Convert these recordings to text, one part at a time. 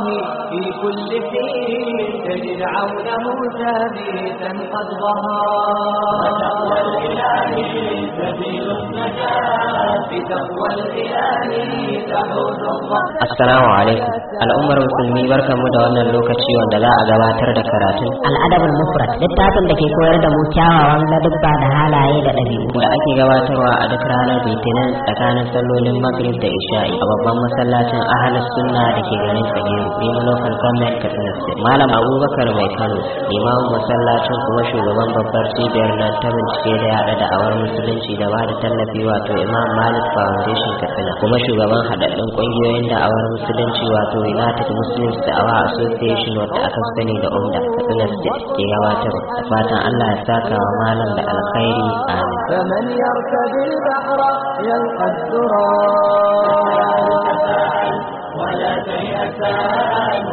الله في كل حين تجد عونه ثابتا قد ظهر Assalamu alaikum al'ummar musulmi barkanmu da wannan lokaci wanda za a gabatar da karatu Al'adar mufrad littafin da ke koyar da mu kyawawan ladabba da halaye da ɗabi'u da ake gabatarwa a duk ranar litinin tsakanin sallolin maghrib da isha'i a babban masallacin ahlus sunna da ke garin Tsageru katsina state malam abubakar mai kano limamin masallacin kuma shugaban babbar cibiyar nan ta bincike da yaɗa awar musulunci da ba da tallafi wato imam malik foundation katsina kuma shugaban haɗaɗɗun ƙungiyoyin da awar musulunci wato united muslims awa association wadda aka sani da umda katsina state ke gabatar da fatan allah ya saka wa malam da alkhairi amin فمن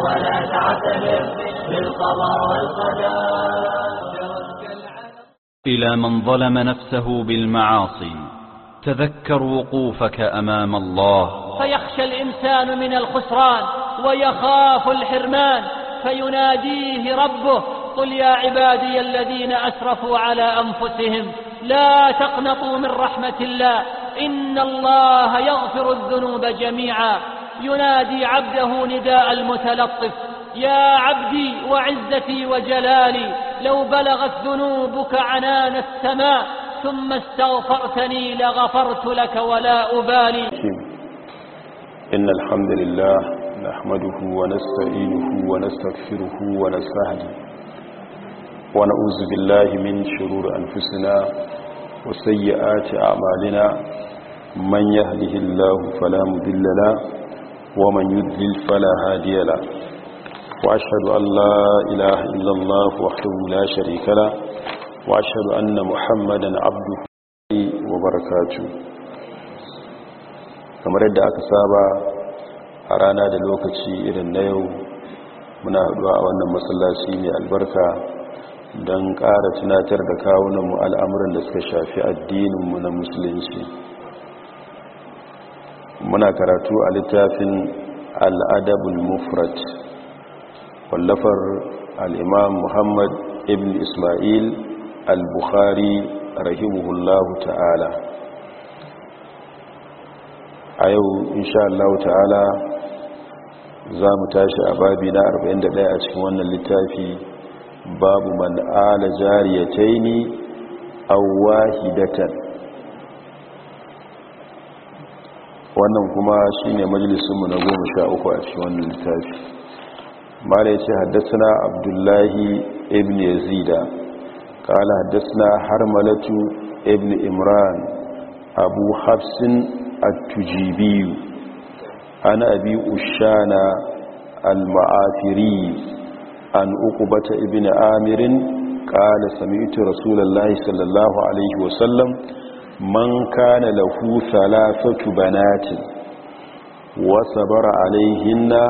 ولا تعتبر بالقضاء والقدر إلى من ظلم نفسه بالمعاصي تذكر وقوفك أمام الله فيخشى الإنسان من الخسران ويخاف الحرمان فيناديه ربه قل يا عبادي الذين أسرفوا على أنفسهم لا تقنطوا من رحمة الله إن الله يغفر الذنوب جميعا ينادي عبده نداء المتلطف يا عبدي وعزتي وجلالي لو بلغت ذنوبك عنان السماء ثم استغفرتني لغفرت لك ولا أبالي إن الحمد لله نحمده ونستعينه ونستغفره ونستهدي ونعوذ بالله من شرور أنفسنا وسيئات أعمالنا من يهده الله فلا مذل له ومن يدلل فلا هادي له وأشهد أن لا إله إلا الله وحده لا شريك له وأشهد أن محمدا عبده وبركاته kamar yadda aka saba a rana da lokaci irin na yau muna haɗuwa a wannan masallaci mai albarka don ƙara tunatar da kawunanmu al'amuran da suka shafi addininmu na musulunci muna karatu a littafin al'adabul mufrat wallafar al'imam muhammad ibn ismail al-bukhari rahimuhullahu ta'ala a yau insha Allah ta'ala za mu tashi a babi na 41 a cikin wannan littafi babu man ala jariyataini aw wahidatan wannan kuma shine majalisunmu na goma sha uku a cikin wannan littafi mala ya ce haddasa abdullahi ibn yazida kala haddasa harmalatu ibn imran abu hafsin a tujibiyu ana abi ushana al-ma'afiri an bata ibn amirin kala sami'tu Rasulallah sallallahu alaihi wasallam man kana lahu salasatu banati wa sabara alaihinna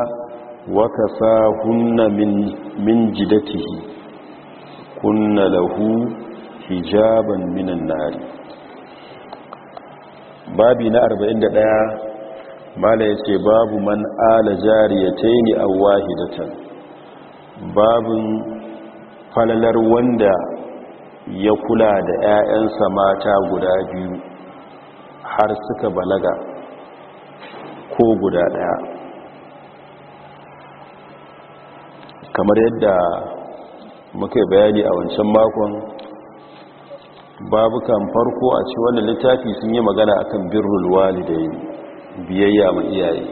wa kasahunna min min jidatihi kunna lahu hijaban minan nari babi na 41 mala yace babu man ala jariyataini aw wahidatan babun falalar wanda ya kula da 'ya'yansa mata guda biyu har suka balaga ko guda ɗaya kamar yadda muka bayani a wancan makon babu kan farko a ce wani littafi sun yi magana akan birrul walidai biyayya ma iyaye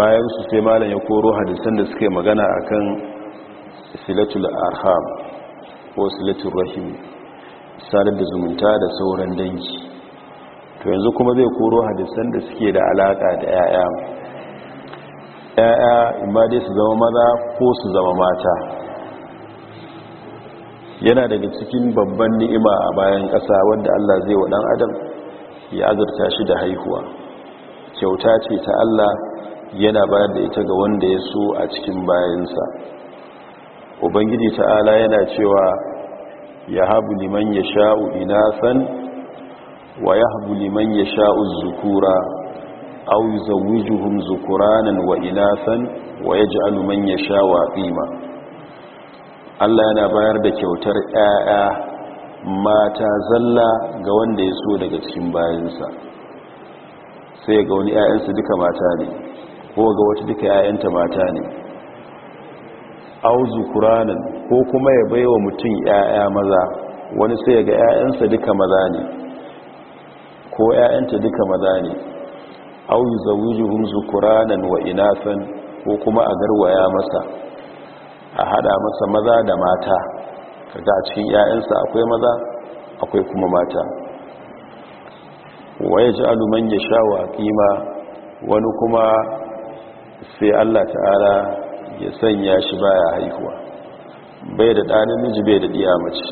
bayan su sai malam ya koro hadisan da suke magana akan silatul arham ko silatul rahim sadar da zumunta da sauran dangi to yanzu kuma zai koro hadisan da suke da alaka da yaya yaya in ba dai su zama maza ko su zama mata yana daga cikin babban ni'ima a bayan ƙasa wadda Allah zai wa ɗan adam ya azurta shi da haihuwa kyauta ce ta Allah yana bayar da ita ga wanda ya so a cikin bayansa ubangiji ta'ala yana cewa ya habu liman ya sha'u inasan wa ya habu liman ya sha'u zukura au zawujuhum zukuranan wa inasan wa ya ji man ya sha'u aqima Allah yana bayar da kyautar 'ya'ya mata zalla ga wanda ya so daga cikin bayansa sai ga wani 'ya'yansa duka mata ne ko ga wata duka 'ya'yanta mata ne auzu kuranin ko kuma ya baiwa mutum 'ya'ya maza wani sai ga 'ya'yansa duka maza ne ko 'ya'yanta duka maza ne auzu zawijuhum zukuranan wa inafan ko kuma a garwaya masa a hada masa maza da mata kaga a cikin 'ya'yansa akwai maza akwai kuma mata wa ya ji aluman ya sha wa kima wani kuma sai allah ta'ala ya sanya shi baya haihuwa bai da ɗa namiji bai da ɗiya mace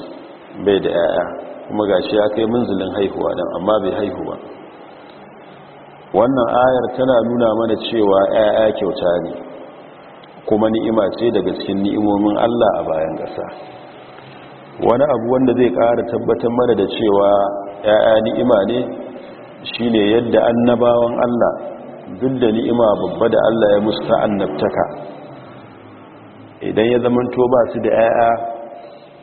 bai da 'ya'ya kuma gashi ya kai munzulin haihuwa dan amma bai haihuwa wannan ayar tana nuna mana cewa 'ya'ya kyauta ne kuma ni'ima ce daga cikin ni'imomin Allah a bayan ƙasa wani abu wanda zai ƙara tabbatar mana da cewa 'ya'ya ni'ima ne shine yadda annabawan Allah duk da ni'ima babba da Allah ya musta annabtaka idan ya zamanto ba su da 'ya'ya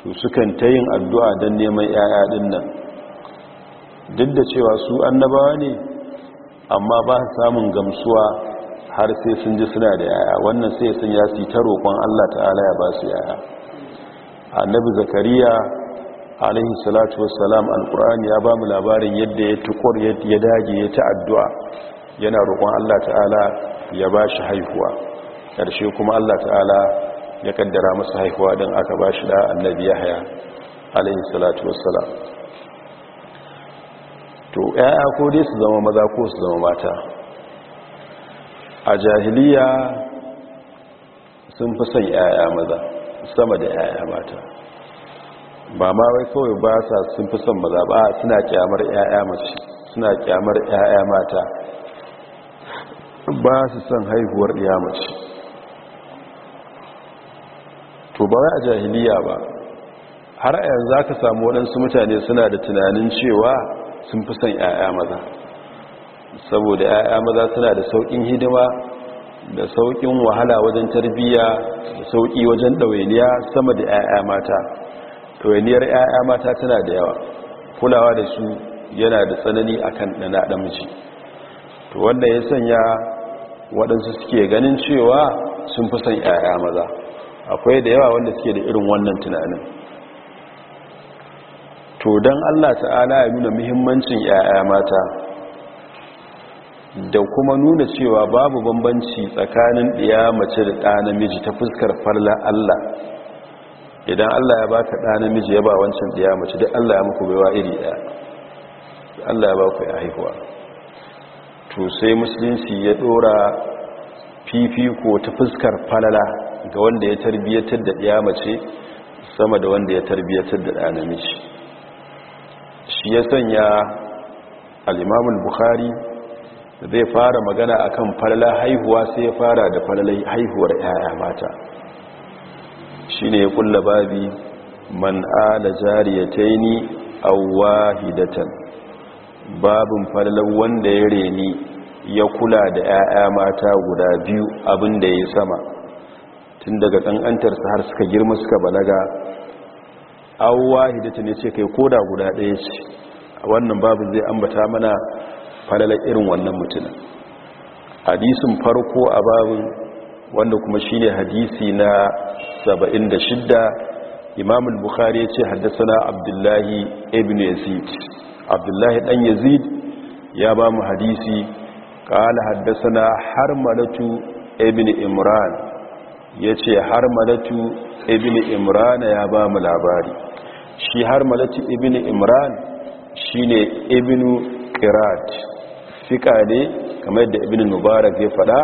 to sukan ta yin addu'a don neman 'ya'ya din nan duk da cewa su annabawa ne amma ba samun gamsuwa har sai sun ji suna da 'ya'ya wannan sai sun ya ta roƙon allah ta'ala ya ba su 'ya'ya annabi zakariya alaihi salatu wassalam alkur'ani ya ba mu labarin yadda ya tukur ya dage ya ta addu'a yana roƙon allah ta'ala ya ba shi haihuwa ƙarshe kuma allah ta'ala ya kaddara masa haihuwa don aka ba shi da annabi ya haya alaihi salatu wassalam to ya'ya ko dai su zama maza ko su zama mata a jahiliya sun fi son ya'ya maza sama da ya'ya mata ba ma wai kawai ba sa sun fi son maza ba suna kyamar ya'ya mace suna kyamar ya'ya mata ba su son haihuwar ya mace to ba a jahiliya ba har a yanzu aka samu waɗansu mutane suna da tunanin cewa sun fi son 'ya'ya maza saboda 'ya'ya maza suna da sauƙin hidima da sauƙin wahala wajen tarbiyya da sauƙi wajen ɗawainiya sama da 'ya'ya mata ɗawainiyar 'ya'ya mata tana da yawa kulawa da su yana da tsanani a kan ɗana ɗamji to wanda ya sanya waɗansu suke ganin cewa sun fi son 'ya'ya maza akwai da yawa wanda suke da irin wannan tunanin to don allah ta'ala ya nuna muhimmancin 'ya'ya mata da kuma nuna cewa babu bambanci tsakanin ɗiya mace da ɗa namiji ta fuskar farla allah idan allah ya baka ɗa namiji ya ba wancan ɗiya mace duk allah ya muku baiwa iri ɗaya allah ya ba ku ya haihuwa to sai musulunci ya ɗora fifiko ta fuskar falala ga wanda ya tarbiyyatar da ɗiya mace sama da wanda ya tarbiyyatar da ɗana mace shi ya sanya al'imamun bukhari zai fara magana a kan falala haihuwa sai ya fara da farla haihuwar 'ya'ya mata shi ne ya kulla babi man ala yi ni wahidatan babin falalar wanda ya reni ya kula da 'ya'ya mata guda biyu abin da ya sama tun daga ɗan'antarsa har suka girma suka balaga an hidita ne ce kai koda guda ɗaya ce wannan babu zai ambata mana falala irin wannan mutumin hadisin farko a babin wanda kuma shi ne hadisi na 76 shidda, bukhari ya ce haddasa na abdullahi ibn yazid abdullahi ɗan yazid ya ba mu hadisi ƙala haddasa na har Malatu ibn imran ya ce har malatu ibn imran ya ba mu labari shi har malatu ibn imran shi ne ibn kirat fika ne kamar da ibn mubarak ya fada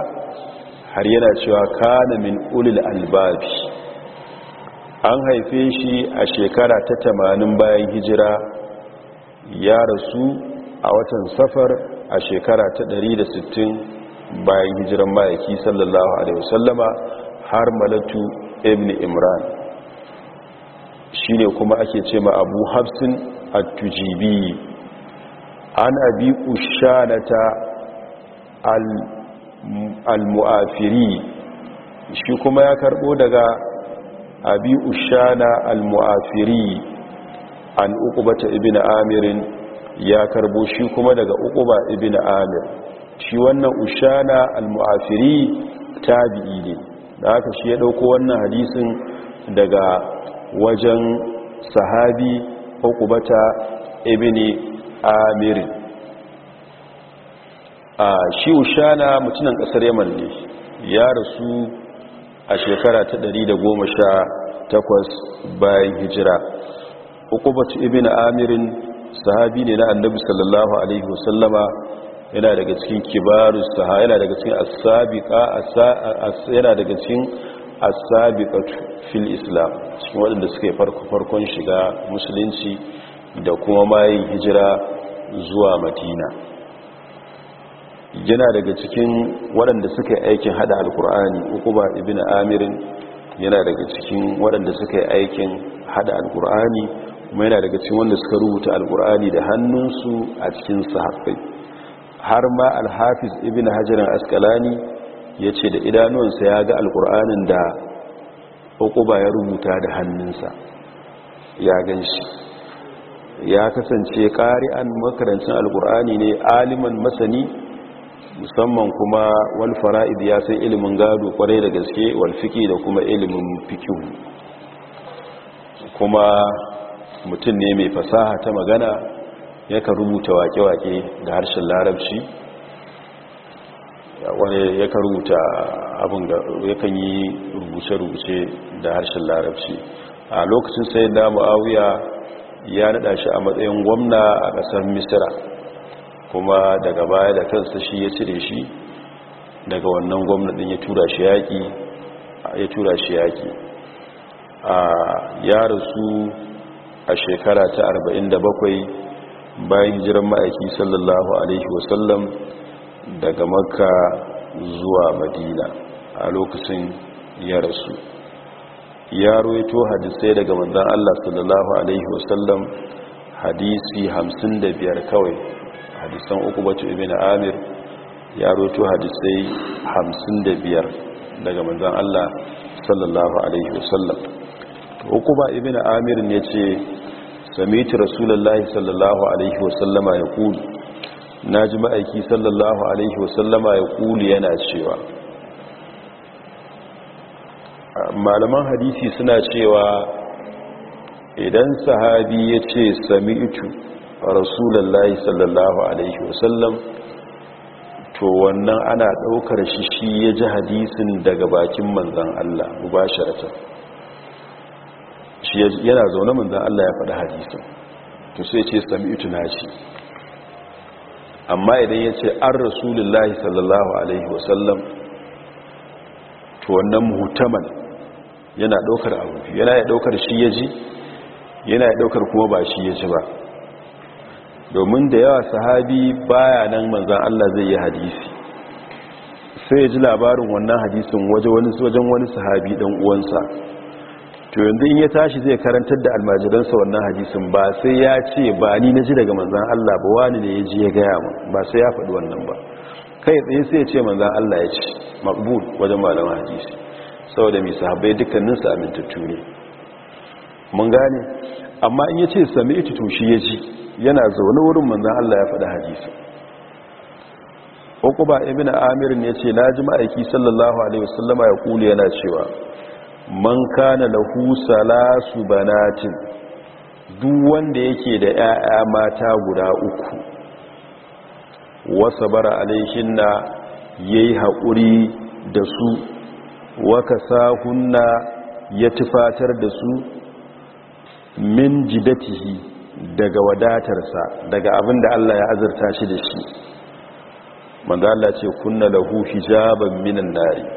har yana cewa kana min ulil albabi an haife shi a shekara ta tamanin bayan hijira ya rasu a watan safar a shekara ta 160 bayan hijiran ma'aiki sallallahu alaihi wasallama har malatu ibn imran shi ne kuma ake ce ma abu hafsin a tujibi an abi ushanata al-mu'afiri shi kuma ya karbo daga abi ushana al-mu'afiri an uqubata ibn amirin ya karbo shi kuma daga uquba ibn amir shi wannan ushana al-mu'afiri tabi'i ne da aka shi ya ɗauko wannan hadisin daga wajen sahabi hukubata ibini amirin a shi ushana mutunan ƙasar yaman ne ya rasu a shekara ta ɗari da goma sha 118 bayan hijira hukubata ibini amirin sahabi ne na annabi sallallahu alaihi wasallama yana daga cikin kibaru saha yana daga cikin asabiqa yana daga cikin asabiqa fil islam cikin waɗanda suka yi farko farkon shiga musulunci da kuma mayin hijira zuwa madina yana daga cikin waɗanda suka yi aikin hada alkur'ani ukuba ibnu amirin yana daga cikin waɗanda suka yi aikin hada alkur'ani kuma yana daga cikin wanda suka rubuta alkur'ani da hannunsu a cikin sahabbai har ma alhafiz ibn hajjirin askalani ya ce da idanuwansa ya ga alkur'anin da ukuba ya rubuta da hannunsa ya gan shi ya kasance ƙari'an makarancin alkur'ani ne aliman masani musamman kuma fara'id ya san ilimin gado kwarai da gaske walfiki da kuma ilimin fikihu kuma mutum ne mai fasaha ta magana yakan rubuta waƙe-waƙe da harshen larabci wani yakan rubuta abin da yakan yi rubuce-rubuce da harshen larabci a lokacin sai da ma'awiya ya nada shi a matsayin gwamna a ƙasar misira kuma daga baya da kansa shi ya cire shi daga wannan gwamna din ya tura shi yaƙi ya tura shi yaƙi a ya rasu a shekara ta 47 bayan hijiran ma'aiki sallallahu alaihi wasallam daga makka zuwa madina a lokacin ya rasu ya roito hadisai daga manzan allah sallallahu alaihi wasallam hadisi hamsin da biyar kawai hadisan uku batu ibn amir ya roito hadisai hamsin da biyar daga manzan allah sallallahu alaihi wasallam uku ba ibn amir ne ce سميت رسول الله صلى الله عليه وسلم يقول ناجم أيكي صلى الله عليه وسلم يقول ينا الشيوى malaman hadisi suna cewa idan sahabi ya ce sami'tu rasulallah sallallahu alaihi wasallam to wannan ana daukar shi shi ya ji hadisin daga bakin manzan Allah mubasharatan shi yana zaune zan Allah ya faɗi hadisun to sai ce sami itu na amma idan ya ce an rasulullahi sallallahu alaihi wasallam to wannan muhutaman yana ɗaukar abu yana ya ɗaukar shi ya ji yana ya ɗaukar kuma ba shi ya ji ba domin da yawa sahabi baya nan manzan Allah zai yi hadisi sai ya ji labarin wannan hadisin wajen wani sahabi ɗan uwansa to yanzu in ya tashi zai karantar da almajiransa wannan hadisin ba sai ya ce ba ni na ji daga manzan Allah ba wani ne ya ji ya gaya mu ba sai ya faɗi wannan ba kai tsaye sai ya ce manzan Allah ya ce makbul wajen malaman hadisi saboda mai sahabbai dukkaninsu amintattu ne mun gane amma in ya ce sami ita tushi ya ji yana zaune wurin manzan Allah ya faɗi hadisi uku ba ibn amir ne ya ce na ji ma'aiki sallallahu alaihi wasallama ya kuli yana cewa man kana lahu salasu banatin duk wanda yake da ƴaƴa mata guda uku wasabara alaihinna yayi haƙuri da su waka sahunna ya tufatar da su min jidatihi daga wadatarsa daga abin da Allah ya azurta shi da shi manzo Allah ce kunna lahu hijaban minan nari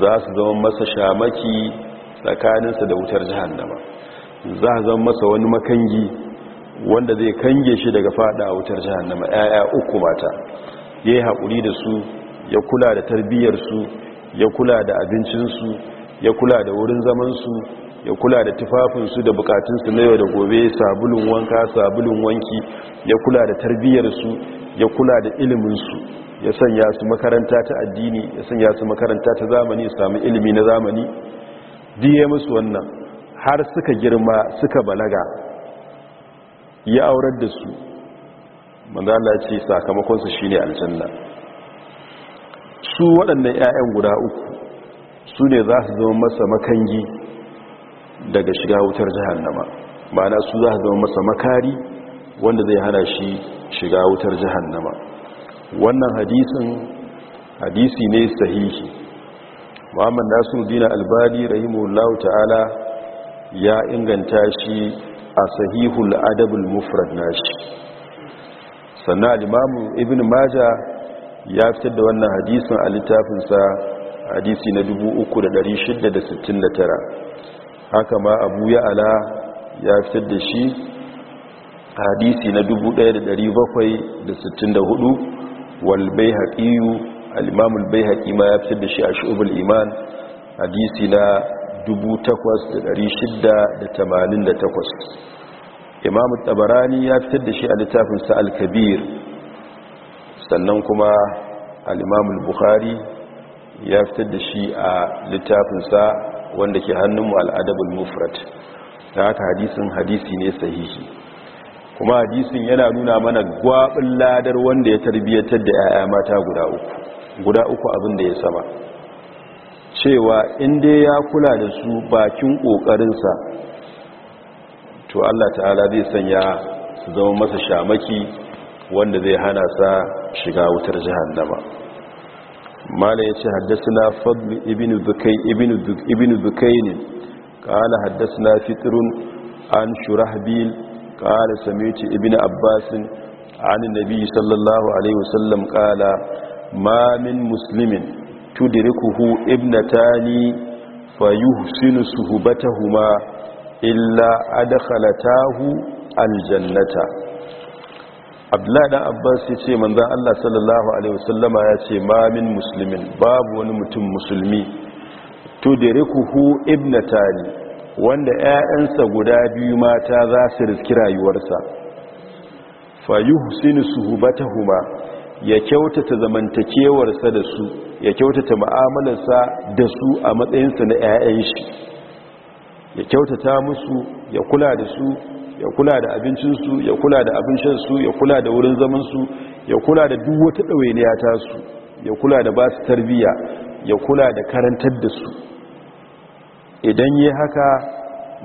za su zama masa shamaki tsakaninsa da wutar jihannama za a zama masa wani makangi wanda zai kange shi daga fada a wutar Nama ya'ya uku mata ya yi haƙuri da su ya kula da tarbiyyarsu ya kula da abincinsu ya kula da wurin zamansu ya kula da tufafinsu da bukatunsu na yau da gobe sabulun wanka sabulun wanki ya kula da tarbiyyarsu ya kula da iliminsu ya sanya su makaranta ta addini ya sanya su makaranta ta zamani su samu ilimi na zamani diye musu wannan har suka girma suka balaga ya aurar da su manzala ce sakamakonsu ne aljanna su waɗannan 'ya'yan guda uku su ne za su zama masa makangi daga shiga wutar jihannama ma'ana su za su zama masa makari wanda zai hana shi shiga wutar jihannama wannan hadisin hadisi ne sahihi muhammad nasiruddin albani rahimahullahu ta'ala ya inganta shi a sahihul adabul mufrad nashi sannan Limamin ibn maja ya fitar da wannan hadisin a littafinsa hadisi na 3669 haka ma abu ya ala ya fitar da shi hadisi na 1764 walbaihaƙiyu bayhaqiyu baihaƙi ma ya fitar da shi a shubul iman hadisi na 8688 imam tabarani ya fitar da shi a littafinsa al-kabir sannan kuma al bukhari ya fitar da shi a littafinsa wanda ke hannunmu mu adab mufrad ta haka hadisin hadisi ne sahihi kuma hadisin yana nuna mana gwabin ladar wanda ya tarbiyyatar da 'ya'ya mata guda uku guda uku abin da ya sama cewa inda ya kula da su bakin ƙoƙarinsa to Allah ta'ala zai sanya su zama masa shamaki wanda zai hana sa shiga wutar jihannama mala ya ce haddasa fadl ibn ƙala haddasa na fitirun an shurahbil قال سمعت ابن عباس عن النبي صلى الله عليه وسلم قال ما من مسلم تدركه ابنتان فيحسن صحبتهما إلا أدخلتاه الجنة abdullahi dan abbas ya ce manzan allah sallallahu alaihi wasallama ya ce mamin musulmin babu wani mutum musulmi to da rikuhu ibnatani wanda 'ya'yansa guda biyu mata za su riski rayuwarsa ta huma, ya kyautata zamantakewarsa da su ya kyautata ma'amalarsa da su a matsayinsa na 'ya'yan shi ya kyautata musu ya kula da su ya kula da abincinsu ya kula da abincinsu ya kula da wurin zamansu ya kula da duk wata ɗawainiya tasu ya kula da ba su tarbiyya ya kula da karantar da su idan yi haka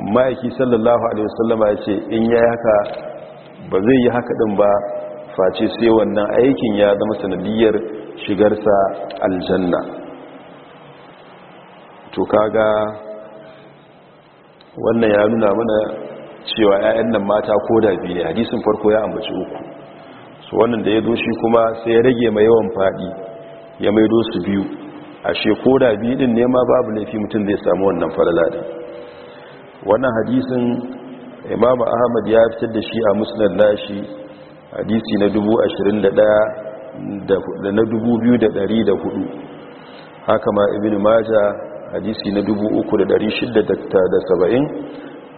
ma'aiki sallallahu alaihi wasallama ya ce in ya haka ba zai yi haka ɗin ba face sai wannan aikin ya zama sanadiyar shigarsa aljanna to kaga wannan ya nuna mana cewa 'ya'yan nan mata ko da biyu ne hadisin farko ya ambaci uku su wannan da ya zo shi kuma sai ya rage mai yawan fadi ya maido su biyu ashe ko da biyu din ne ma babu laifi mutum zai samu wannan falala din wannan hadisin imam ahmad ya fitar da shi a musnad nashi hadisi na 21 da na hudu haka ma ibn maja hadisi na 3670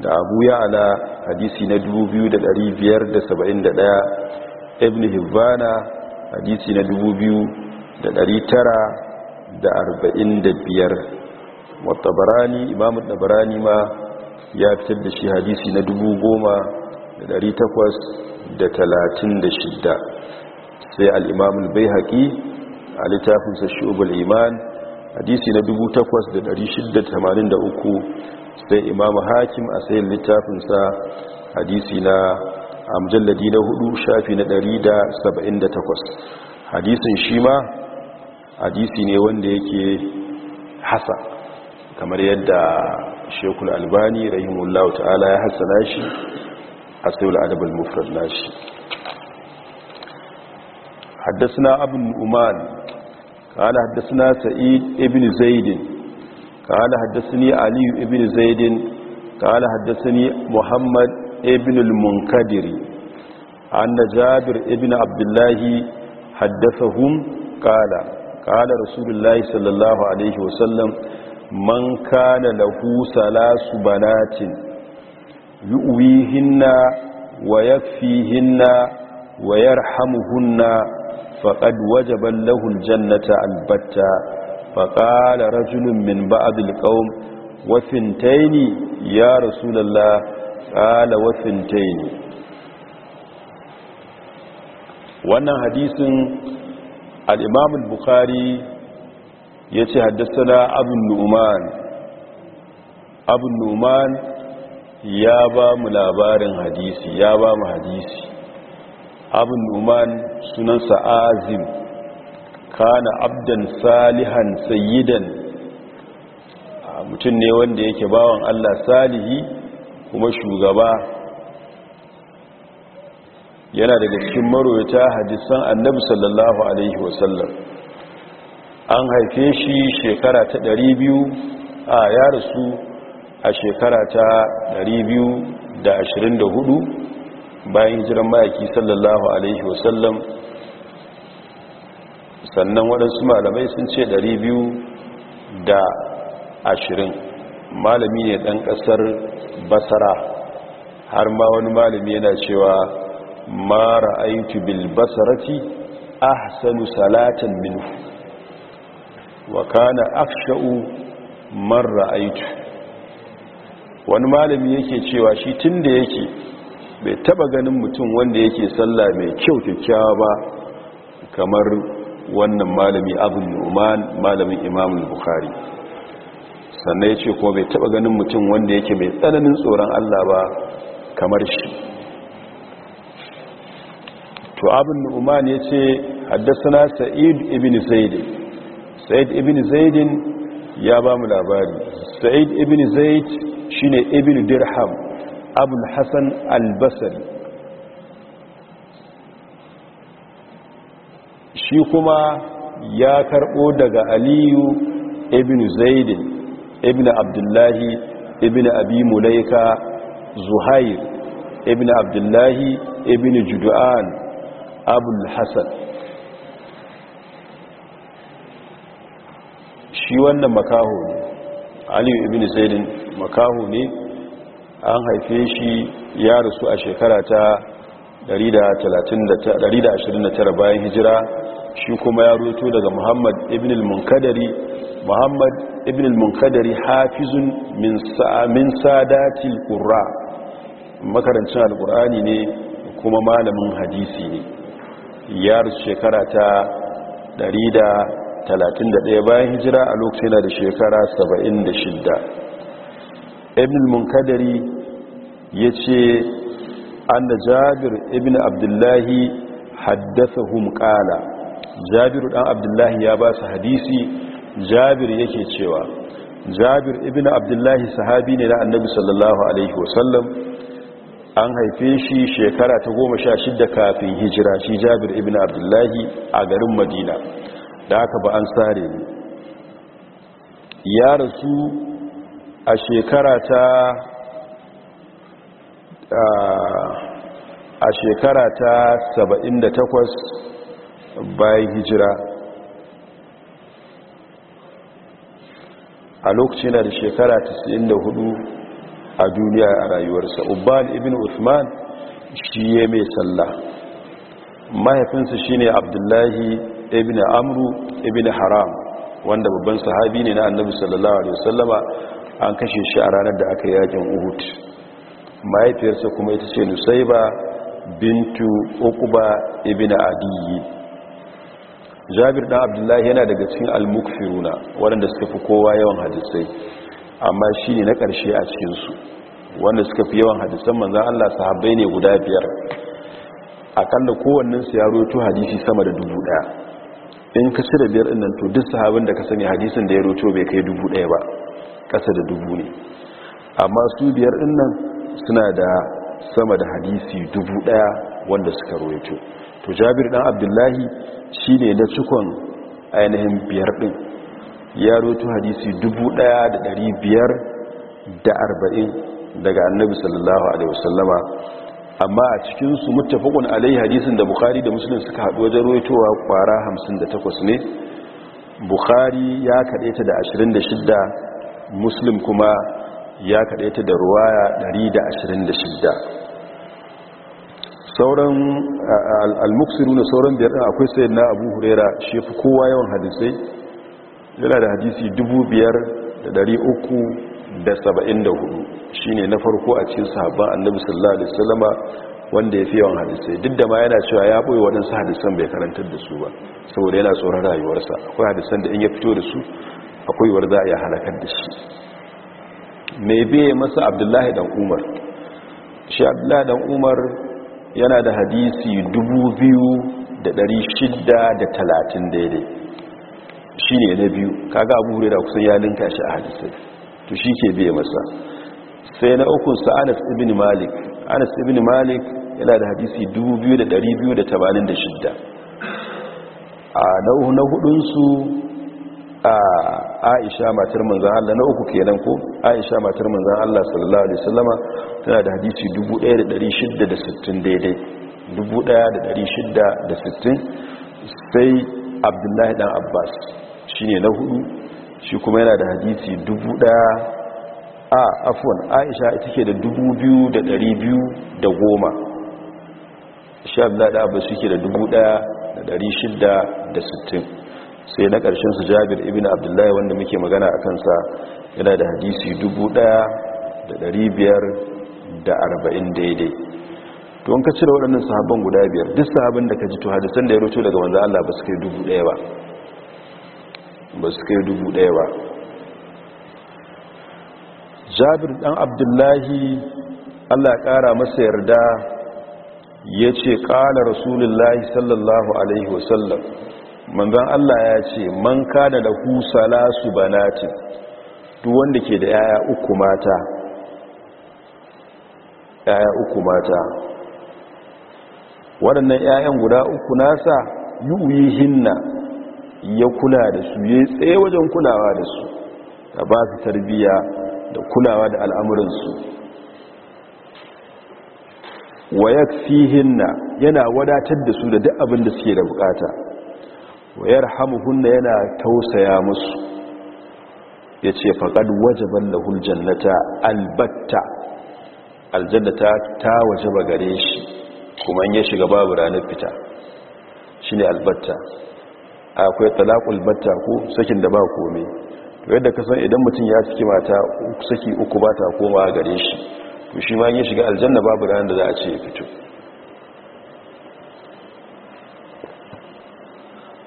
da abu ya'ala hadisi na 2571 ibn hibbana hadisi na 2900 da arba'in da biyar watabarani imamu barani ma ya fitar da shi hadisi na dubu goma da dari takwas da talatin da shidda sai al'imamun bai haƙi a littafinsa shubul iman hadisi na dubu takwas da dari shidda tamanin da uku sai imamu hakim a sayin littafinsa hadisi na amjalladi na hudu shafi na dari da saba'in da takwas hadisin shi ma hadisi ne wanda yake hasa kamar yadda shekul albani rahimullahu ta'ala ya hasana shi a tsawil adabal mufrad nashi haddasa abin umar kala haddasa sa'id ibn zaidin kala haddasa ni aliyu ibn zaidin kala haddasa ni muhammad ibn al-munkadiri an na jabir ibn abdullahi haddasa hun kala kala rasulullahi sallallahu alaihi wasallam yu'wihinna wa yakfihinna wa yarhamuhunna faqad wajaba lahu aljannata albatta faqala rajulun min ba'd alqaum ya rasulullah qala wa wannan hadisin al bukari ya bukhari yace na abin nu'man abin nu'man ya ba mu labarin hadisi ya ba mu hadisi abin nu'man sunansa azim kana abdan salihan sayyidan mutum ne wanda yake bawan Allah salihi kuma shugaba yana daga cikin marowata hadisan annabi sallallahu alaihi wasallam an haife shi shekara ta 200 a ya rasu a shekara ta 224 bayan jiran mayaki sallallahu alaihi wasallam sannan waɗansu malamai sun ce 220 malami ne ɗan ƙasar basara har ma wani malami yana cewa ma ra'aitu bil basarati ahsanu salatan minhu wa kana afsha'u man wani malami yake cewa shi tunda yake bai taba ganin mutum wanda yake sallah mai kyau kyakkyawa ba kamar wannan malami abu numan malamin imam bukhari sannan ya ce kuma bai taba ganin mutum wanda yake mai tsananin tsoron allah ba kamar shi shu'ab ibn uman yace haddathana sa'id ibn zaidi, sa'id ibn zaidin ya ba mu labari sa'id ibn zaid shine ibn dirham abul hasan al shi kuma ya karbo daga aliyu ibn zaidin ibn abdullahi ibn abi mulaika zuhair ibn abdullahi ibn judu'an abul hasan shi wannan makaho ne aliyu ibn zaidin makaho ne an haife shi ya rasu a shekara ta 129 bayan hijira shi kuma ya roto daga muhammad ibn al-munkadari muhammad ibn al-munkadari hafizun min sadatil qurra makarancin qurani ne kuma malamin hadisi ne yar shekara ta 131 bayan hijira a lokacin da shekara 76 ibn al ya ce anna jabir ibn abdullahi haddathahum qala jabir dan abdullahi ya ba su hadisi jabir yake cewa jabir ibn abdullahi sahabi ne na annabi sallallahu alaihi wasallam an haife shi shekara ta goma sha shida kafin hijira shi jabir ibn abdullahi a garin madina da aka ba an sare ne ya rasu a shekara ta a shekara ta 78 bayan hijira a lokacin da shekara 94 a duniya a rayuwarsa ubal ibn usman shi ya mai sallah mahaifinsa shi ne abdullahi ibn amru ibn haram wanda babban sahabi ne na annabi sallallahu alaihi wasallama an kashe shi a ranar da aka yakin uhud mahaifiyarsa kuma ita ce nusaiba bintu uquba ibn adiyi jabir dan abdullahi yana daga cikin al-mukfiruna waɗanda suka fi kowa yawan hadisai amma shi ne na ƙarshe a cikinsu wanda suka fi yawan hadisan manzan Allah sahabbai ne guda biyar akalla kowanninsu ya roto hadisi sama da dubu ɗaya in ka cire biyar ɗin nan to duk sahabin da ka sani hadisin da ya roto bai kai dubu ɗaya ba ƙasa da dubu ne amma su biyar ɗin nan suna da sama da hadisi dubu ɗaya wanda suka roto to jabir ɗan abdullahi shi ne na cikon ainihin biyar ɗin ya roto hadisi 1540 daga annabi sallallahu alaihi wasallama amma a cikinsu muttafaqun alaihi hadisin da bukhari da muslim suka haɗu wajen roitowa kwara 58 ne bukhari ya kaɗaita da 26 muslim kuma ya kaɗaita da ruwaya 126 sauran al-muksiru na sauran biyar akwai sayyidina abu huraira Shefu, kowa yawan hadisai yana da hadisi 5374 shine na farko a cikin sahabban annabi sallallahu alaihi wasallama wanda ya fi yawan hadisai duk da ma yana cewa ya boye waɗansu hadisan bai karantar da su ba saboda yana tsoron rayuwarsa akwai hadisan da in ya fito da su akwai war za a yi halakar da shi mai biye masa abdullahi dan umar shi abdullahi dan umar yana da hadisi dubu biyu da da talatin daidai shi ne na biyu kaga abu hurera kusan ya linka shi a hadisai to shi ke biya masa sai na uku sa anas ibn malik anas ibn malik yana da hadisi 2286 a na hudunsu a aisha matar manzan allah na uku kenan ko aisha matar manzan allah sallallahu alaihi wasallama tana da hadisi 1660 daidai 1660 sai abdullahi dan abbas Shi ne na hudu shi kuma yana da hadisi dubu daya a afuwan aisha ita ke da dubu biyu da dari biyu da goma shi abdullahi abu ke da dubu daya da dari shida da sittin sai na ƙarshen su jabir ibn abdullahi wanda muke magana a kansa yana da hadisi dubu daya da dari biyar da arba'in daidai to ka cire waɗannan sahabban guda biyar duk sahabin da ka ji to da ya roto daga wanzan allah ba su kai dubu ɗaya ba ba su kai dubu ɗaya ba jabir ɗan abdullahi allah ƙara masa yarda ya ce ƙala rasulullahi sallallahu alaihi wasallam manzan allah ya ce man kada da husala su banatin duk wanda ke da yaya uku mata yaya uku mata waɗannan yayan guda uku nasa yi hinna ya kula da su ya tsaye wajen kulawa da su ta ba su tarbiya da kulawa da al'amuransu wa ya yana wadatar da su da duk abin da suke da bukata wa ya rahamuhunna yana tausaya musu ya ce faɗaɗ wajaban lahul huljannata albatta aljannata ta wajaba gare shi kuma ya shiga babu ranar fita shi ne albatta akwai talakul batta ko sakin da ba komai to yadda ka san idan mutum ya saki mata saki uku ba ta koma gare shi to shi ma ya shiga aljanna babu ranar da za a ce ya fito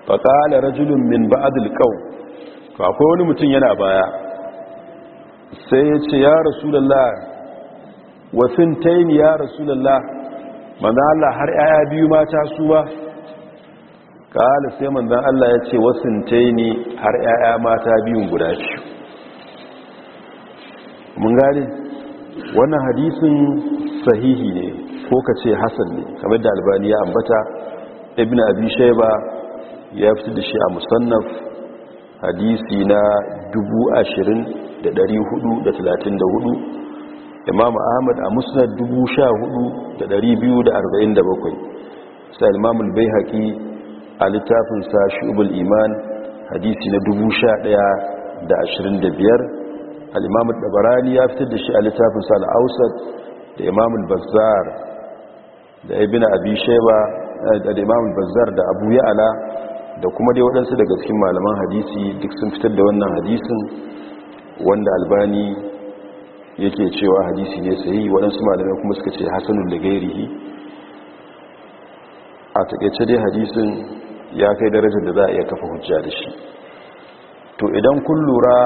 faƙala rajulun min ba'adul qaum to akwai wani mutum yana baya sai ya ce ya rasulullah wa sintayn ya rasulullah manzo Allah har yaya biyu mata su ba ƙala sai manzan Allah ya ce wasuntai har 'ya'ya mata biyun guda biyu mun gane wannan hadisin sahihi ne ko ka ce hasan ne kamar da albani ya ambata ibn abi shaiba ya fito da shi a musannaf hadisi na 20434 imam ahmad a musnad 14247 sai imam al-baihaqi a littafin sa shubul iman hadisi na dubu da 1125 da biyar al-dabarani ya fitar da shi a littafin sa al'ausar da imamun bazar bazzar da ibn abi eh, da imamun da abu ya'ala da kuma dai waɗansu daga cikin malaman hadisi duk sun fitar da wannan hadisin wanda albani yake cewa hadisi ne sai waɗansu malamai kuma suka ce hasanun da gairihi a takaice dai hadisin ya kai darajar da za a iya kafa hujja da shi to idan kun lura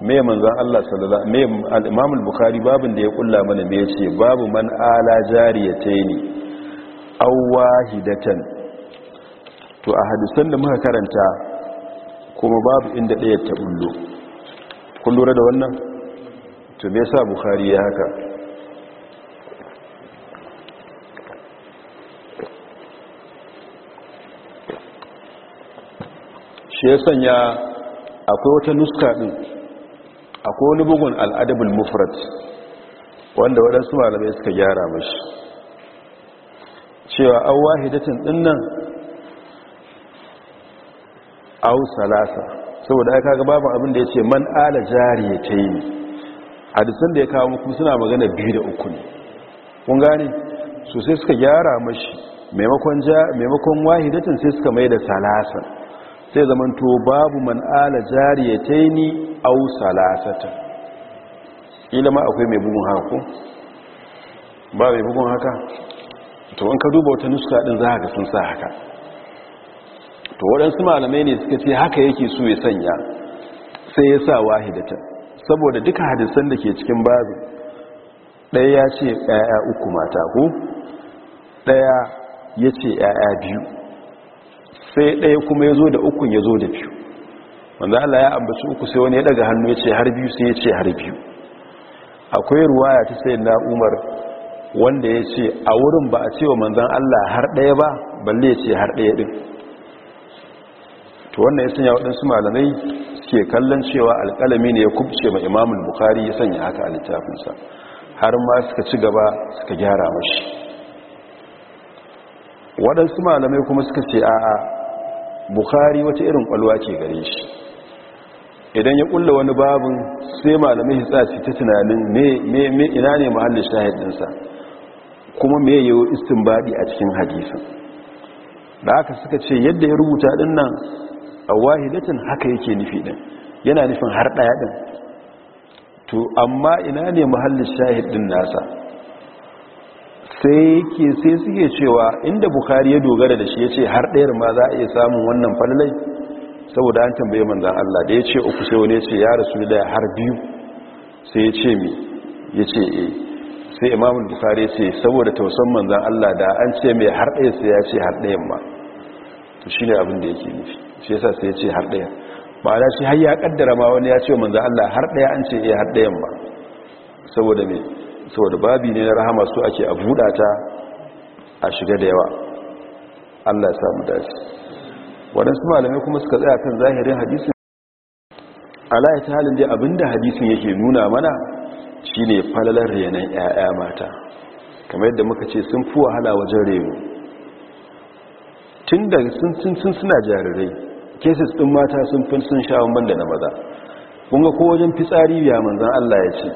me manzan Allah sallallahu alaihi wasallam Imam al-Bukhari babin da ya kulla mana me yace babu man ala jariyataini aw wahidatan to a hadisan da muka karanta kuma babu inda daya ta bullo kun lura da wannan to me yasa Bukhari ya haka shi ya sanya akwai wata nuska ɗin akwai wani bugun al'adabin mufrat wanda waɗansu malamai suka gyara mashi cewa an wahidatin dinnan au salasa saboda aka ga babu abin da ya ce man ala jari ya ta yi hadisan da ya kawo muku suna magana biyu da uku ne kun gane sosai suka gyara mashi maimakon wahidatin sai suka mai da salasa sai zamanto babu man ala jariyataini aw salasata ilama akwai mai bugun haku? ba mai bugun haka to an ka duba wata nuska din za ka sun sa haka to waɗansu malamai ne suka ce haka yake so ya sanya sai ya sa wahidata saboda duka hadisan da ke cikin babu ɗaya ya ce 'ya'ya uku mata ko ɗaya ya ce 'ya'ya biyu sai ɗaya kuma ya zo da ukun ya zo da biyu wanda Allah ya ambaci uku sai wani ya daga hannu ya ce har biyu sai ya ce har biyu akwai ruwaya ta sai na umar wanda ya ce a wurin ba a ce wa manzan Allah har ɗaya ba balle ya ce har ɗaya ɗin to wannan ya sanya waɗansu malamai ke kallon cewa alƙalami ne ya kubce ma imamul bukari ya sanya haka a littafinsa har ma suka ci gaba suka gyara mashi waɗansu malamai kuma suka ce a'a bukhari wata irin kwalwa ke gare shi idan ya kulla wani babin sai malamai hitsa su ta tunanin me ina ne mahallin shahidinsa kuma me yayo istinbadi a cikin hadisin da aka suka ce yadda ya rubuta din nan a wahidatin haka yake nufi din yana nufin har ɗaya din to amma ina ne mahallin shahidin nasa sai yake sai suke cewa inda bukari ya dogara da shi ya ce har ɗayar ma za a iya samun wannan falalai saboda an tambaye manzan Allah da ya ce uku sai wani ya ce ya rasu da har biyu sai ya ce mi ya ce e sai imamun bukari ce saboda tausan manzan Allah da an ce mai har ɗaya sai ya ce har ɗayan ma to shi ne abin da yake nufi shi yasa sai ya ce har ɗaya ba da shi har ya kaddara ma wani ya ce manzan Allah har ɗaya an ce e har ɗayan ma saboda me. saboda babi ne na rahama su ake a buɗata ta a shiga da yawa allah ya samu dace waɗansu malamai kuma suka tsaya kan zahirin hadisin ala ta halin dai abinda hadisin yake nuna mana shine falalar renon 'ya'ya mata kamar yadda muka ce sun fi wahala wajen reno tun da sun suna jarirai cases ɗin mata sun fi sun sha wamban da na maza kunga ko wajen fitsari ya manzan Allah ya ce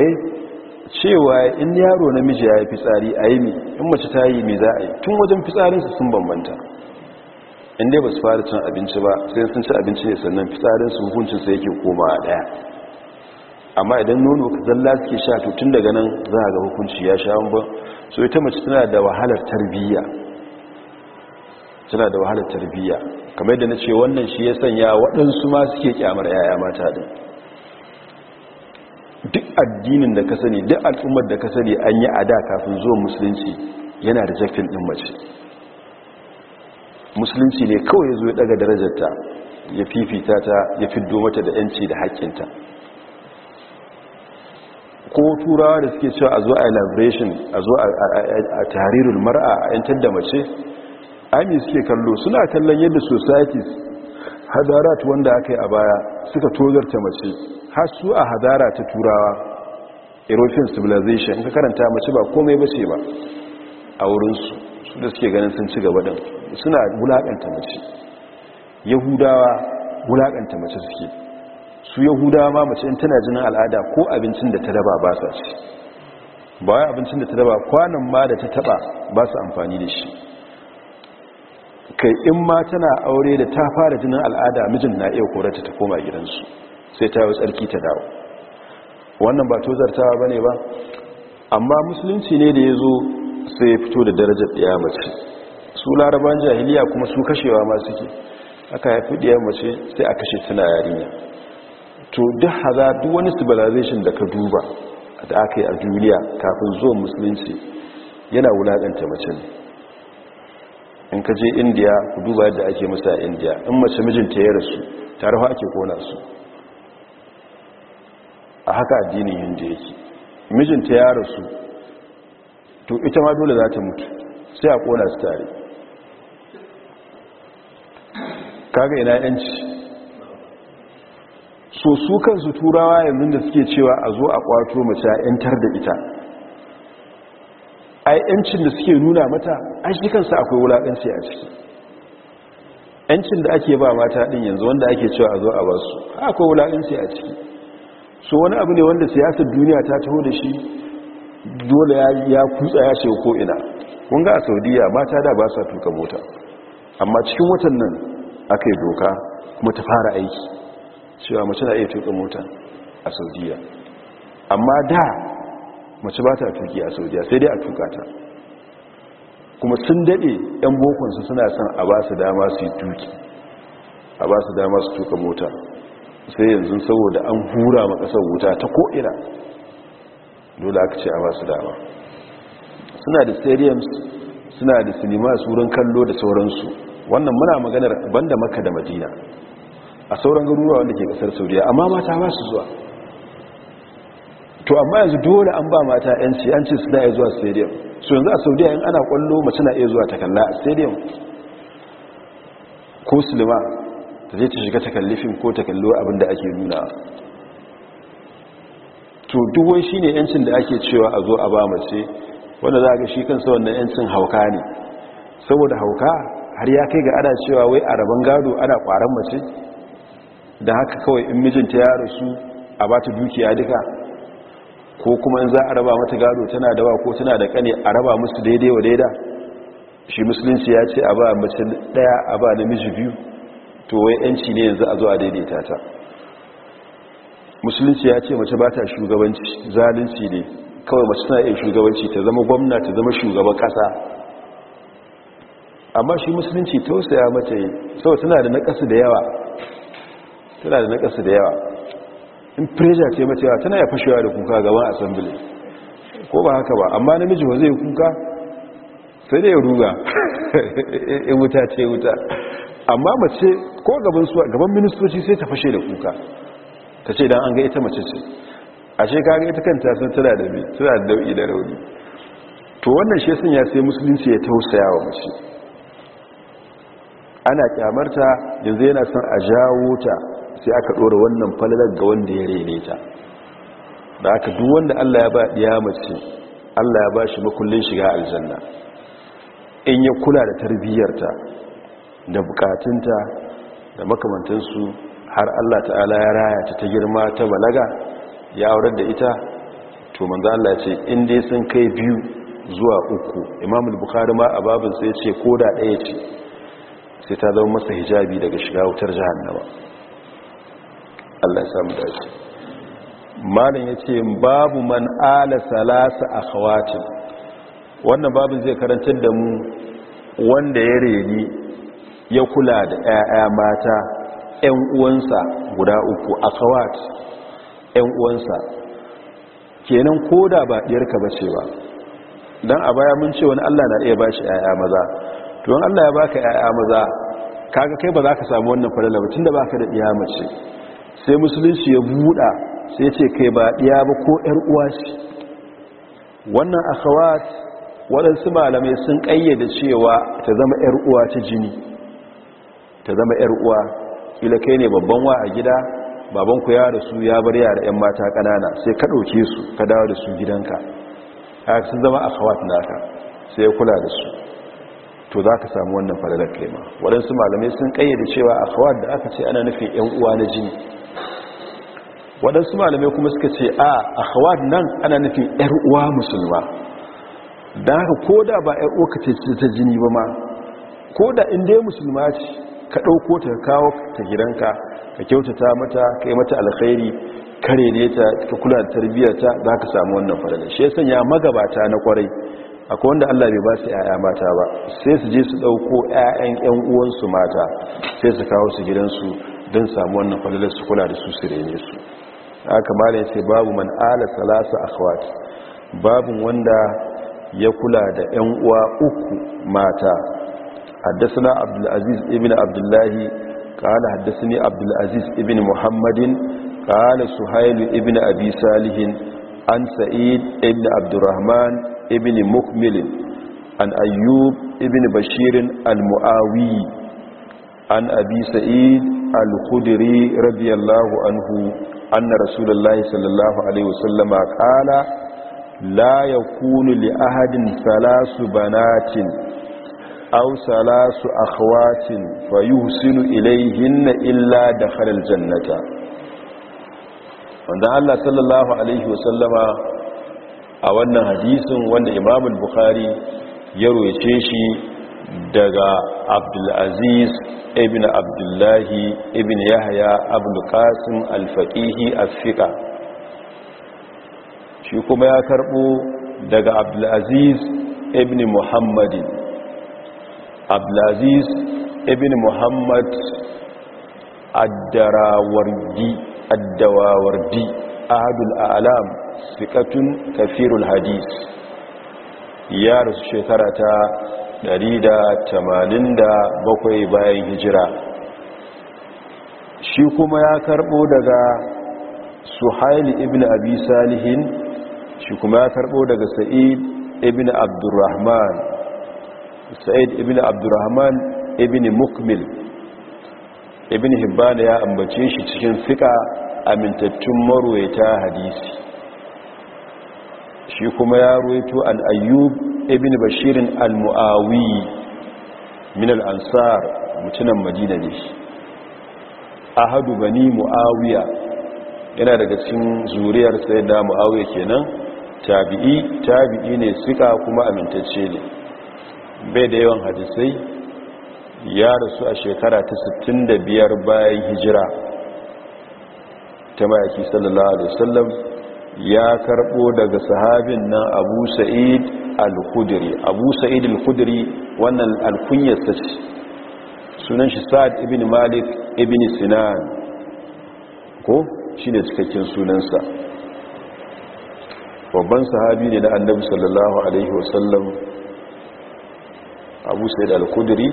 eh cewa in yaro namiji ya yi fitsari a yi mi in mace ta yi mi za a yi tun wajen fitsarinsu sun bambanta in dai ba su fara cin abinci ba sai sun ci abinci ne sannan fitsarinsu hukuncinsa yake koma a daya amma idan nono ka zalla suke sha to tun daga nan za a ga hukunci ya sha ba so ita mace tana da wahalar tarbiyya tana da wahalar tarbiyya kamar yadda na ce wannan shi ya sanya waɗansu ma suke kyamar 'ya'ya mata din addinin da ka sani duk al'ummar da ka sani an yi ada kafin zuwa musulunci yana da jafin ɗin mace musulunci ne kawai ya zo ya daga darajarta ya fifita ta ya fiddo mata da yanci da haƙƙinta ko turawa da suke cewa a zuwa a liberation a zuwa a tarihin mar'a a yantar da mace ami suke kallo suna kallon yadda societies hadarat wanda aka yi a baya suka tozarta mace har su a hadara ta turawa european civilization ka karanta mace ba komai ba ce ba a wurinsu su da suke ganin sun ci gaba ɗin suna wulakanta mace yahudawa wulakanta mace suke su yahudawa ma mace in tana jinin al'ada ko abincin da ta daba ba sa ce ba abincin da ta daba kwanan ma da ta taba ba su amfani da shi kai in ma tana aure da ta fara jinin al'ada mijin na iya korata ta koma gidansu sai ta yi tsarki ta dawo wannan ba tozartawa ba ne ba amma musulunci ne da ya zo sai ya fito da darajar ɗaya mace su laraban jahiliya kuma su kashewa ma suke aka haifi ɗaya mace sai a kashe tana yarinya to duk haza duk wani civilization da ka duba da aka yi a duniya kafin zuwan musulunci yana wulaƙanta mace ne in ka je indiya ku duba yadda ake musa a indiya in mace mijinta ya rasu tare fa ake kona su a haka addinin hindu yake mijinta ya rasu to ita ma dole za ta mutu sai a kona su tare kaga ina yanci so su kansu turawa yanzu da suke cewa a zo a kwato mace a 'yantar da ita ai yancin da suke nuna mata an shi kansa akwai wulakanci a ciki yancin da ake ba mata ɗin yanzu wanda ake cewa a zo a basu akwai wulakanci a ciki so wani abu ne wanda siyasar duniya ta taho da shi dole ya kutsa ya ce ko ina kun ga a saudiya mata da ba sa tuka mota amma cikin watan nan aka yi doka kuma ta fara aiki cewa mace na iya tuka mota a saudiya amma da mace ba ta tuki a saudiya sai dai a tuka kuma sun daɗe 'yan bokunsu suna son a ba su dama su yi tuki a ba su dama su tuka mota sai yanzu saboda an hura makasar wuta ta ko'ina dole aka ce a ba su dama suna da stadiums suna da sinima su wurin kallo da sauransu wannan muna maganar banda maka da madina a sauran garuruwa wanda ke kasar saudiya amma mata ba su zuwa to amma yanzu dole an ba mata yanci an su suna iya zuwa stadium su yanzu a saudiya in ana kwallo mace na iya zuwa ta kalla a stadium ko silima ta zai ta shiga ta kallifin ko ta kallo abin da ake nuna to duwai shi ne yancin da ake cewa a zo a ba mace wanda za a ga shi kansa wannan yancin hauka ne saboda hauka har ya kai ga ana cewa wai a rabon gado ana kwaran mace da haka kawai in mijinta ya rasu a ba ta dukiya duka ko kuma in za a raba mata gado tana da wa ko tana da kane a raba musu daidai wa daida shi musulunci ya ce a ba mace daya a ba namiji biyu to wai yanci ne yanzu a zo a daidaita ta musulunci ya ce mace ba ta shugabanci zalunci ne kawai mace tana yin shugabanci ta zama gwamna ta zama shugaban kasa amma shi musulunci tausaya mace yi sau tana da nakasu da yawa tana da nakasu da yawa in pressure ce mace ah, tana ya fashewa da kuka gaban assembly ko ba haka ba amma namiji ba zai kuka sai dai ya ruga in wuta ce wuta amma mace ko gaban gaban ministoci sai ta fashe da kuka ta ce dan an ga ita mace ce a ga ita kanta sun tana da bi tana da dauki da rauni to wannan shi sun ya sai musulunci ya tausaya wa mace ana kyamarta yanzu yana son a jawo ta sai aka ɗora wannan falalar ga wanda ya rene ta da aka duk wanda Allah ya ba ya mace Allah ya ba shi makullin shiga aljanna in ya kula da tarbiyyarta da bukatunta da makamantansu har Allah ta'ala ya raya ta ta girma ta balaga ya aurar da ita to manzo Allah ce in dai sun kai biyu zuwa uku imamul bukhari ma a babin sai ya ce da ɗaya ce sai ta zama masa hijabi daga shiga wutar jahannama Allah ya samu malin malam yace babu man ala salasa akhawatin wannan babin zai karantar da mu wanda ya reni ya kula da 'ya'ya mata 'yan uwansa guda uku a akhawat 'yan uwansa kenan ko da ba ba bace ba don a baya mun ce wani Allah na iya ba shi 'ya'ya maza to Allah ya baka 'ya'ya maza kaga kai ba za ka samu wannan falala ba tunda baka da iya mace sai musulunci ya buɗa sai ce kai ba ɗiya ba ko ‘yar uwa ce wannan akawat waɗansu malamai sun ƙayyade cewa ta zama ‘yar uwa ta jini ta zama ‘yar uwa kai ne babban wa a gida baban ku ya da su ya bar yara ‘yan mata ƙanana sai ka ɗauke su ka dawo da su gidanka a sun zama akawat naka sai ya kula da su to za ka samu wannan kai kaima waɗansu malamai sun ƙayyade cewa akawat da aka ce ana nufin ‘yan uwa na jini waɗansu malamai kuma suka ce a hawa nan ana nufin yar uwa musulma don haka ko da ba yar ka ce ta jini ba ma ko da in dai musulma ce ka ɗauko ta kawo ta gidanka ka kyautata mata ka yi mata alkhairi kare ne ta ka kula da tarbiyyarta za ka samu wannan fadala shi ya sanya magabata na kwarai akwai wanda Allah bai ba su ‘ya'ya mata ba sai su je su ɗauko ‘ya'yan ‘yan uwansu mata sai su kawo su gidansu don samu wannan falalar su kula da su su rene su aka mala ya ce babu man ala salasa akhwat babun wanda ya kula da yan uwa uku mata haddasana abdulaziz ibn abdullahi qala haddasani abdulaziz ibn muhammadin qala suhailu ibn abi an sa'id ibn abdurrahman ibn mukmil an ayyub ibn bashirin al-muawi an abi sa'id al-khudri radiyallahu anhu anna rasulullahi sallallahu alaihi wasallama qala la yakunu li ahadin salasu banacin aw salasu akhwatin fayuhsinu ilayhinna illa dakhala aljannata wanda Allah sallallahu alaihi wasallama a wannan hadisin wanda Imamul Bukhari ya roce shi daga abdulaziz ibn abdullahi ibn yahya abdulkasim alfaƙihi afika shi kuma ya karɓo daga abdulaziz ibn muhammadin abdulaziz ibn muhammad addawawardi ahadul alam sikatun kafirul hadis ya rasu shekara ta 187 bayan hijira shi kuma ya karbo daga suhaili ibn abi salihin shi kuma ya karbo daga sa'id ibn abdurrahman sa'id ibn abdurrahman ibn mukmil ibn hibban ya ambace shi cikin fika amintattun marwaita hadisi shi kuma ya ruwaito an ayyub ibn bashirin al-mu'awi min al-ansar mutunan madina ne ahadu bani mu'awiya yana daga cikin zuriyar sayyida mu'awiya kenan tabi'i tabi'i ne sika kuma amintacce ne bai da yawan hadisai ya rasu a shekara ta 65 bayan hijira ta mayaki sallallahu alaihi wasallam ya karbo daga sahabin nan abu sa'id al-khudri abu sa'id al-khudri wannan al-kunyarsa ce sunan shi sa'ad ibn malik ibn sinan ko shi ne cikakken sunansa babban sahabi ne na annabi sallallahu alaihi wasallam abu sa'id al-khudri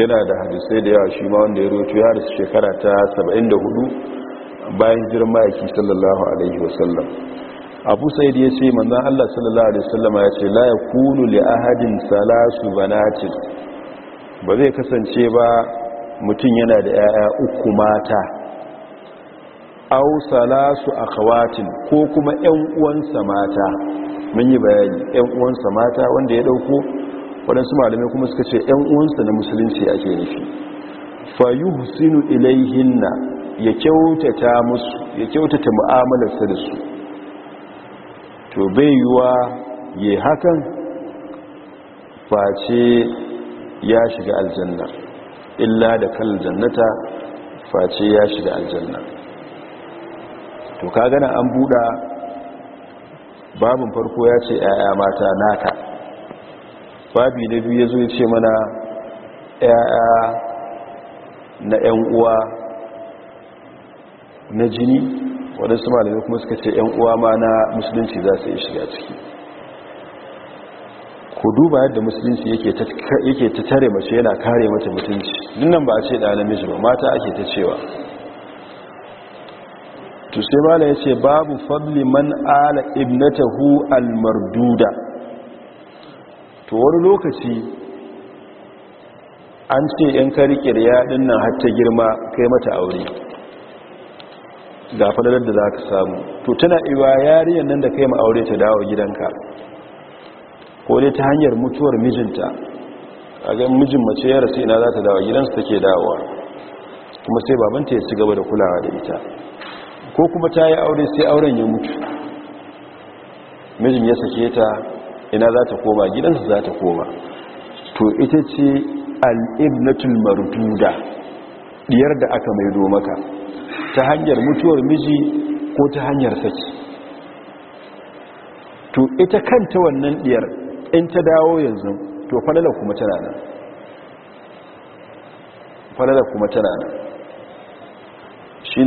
yana da hadisai da yawa shi ma wanda ya roto ya rasu shekara ta 74 bayan girma yake sallallahu alaihi wasallam abu da ya ce manzan Allah sallallahu alaihi wasallam ya ce la yakunu li ahadin salasu banatin ba zai kasance ba mutum yana da yaya uku mata au salasu kawatin, ko kuma 'yan uwansa mata mun yi bayani 'yan uwansa mata wanda ya dauko waɗansu malamai kuma suka ce 'yan uwansa na musulunci ake nufi yuhsinu ilaihinna ya kyautata musu ya kyautata mu'amalarsa da su to bai yiwa ya hakan face ya shiga aljanna illa da kan aljannata face ya shiga aljanna to ka gana an buɗa babin farko ya ce ‘ya'ya mata naka babi na biyu ya zo ya ce mana ‘ya'ya na ‘yan uwa na jini waɗansu malamai kuma suka ce ‘yan uwa ma na musulunci za su yi shiga ciki ku duba yadda musulunci yake ta tare mace yana kare mata mutunci dinnan ba a ce da namiji ba mata ake ta cewa to sai mala ya ce babu fadli man ala ibnatahu almarduda to wani lokaci an ce ‘yan karikir ya dinnan har ta girma kai mata aure ga falalar da za ka samu to tana iwa yariyar nan da kai ma'aure ta dawo gidanka ko dai ta hanyar mutuwar mijinta a ga mijin mace ya rasu ina za ta dawo gidansu take dawowa kuma sai babanta ya ci gaba da kulawa da ita ko kuma ta yi aure sai auren ya mutu mijin ya sake ta ina za ta koma gidansu za ta koma to ita ce al'ibnatul marududa diyar da aka maido maka ta hanyar mutuwar miji ko ta hanyar saki to ita kanta wannan diyar in ta dawo yanzu to falala kuma tana nan falala kuma tana nan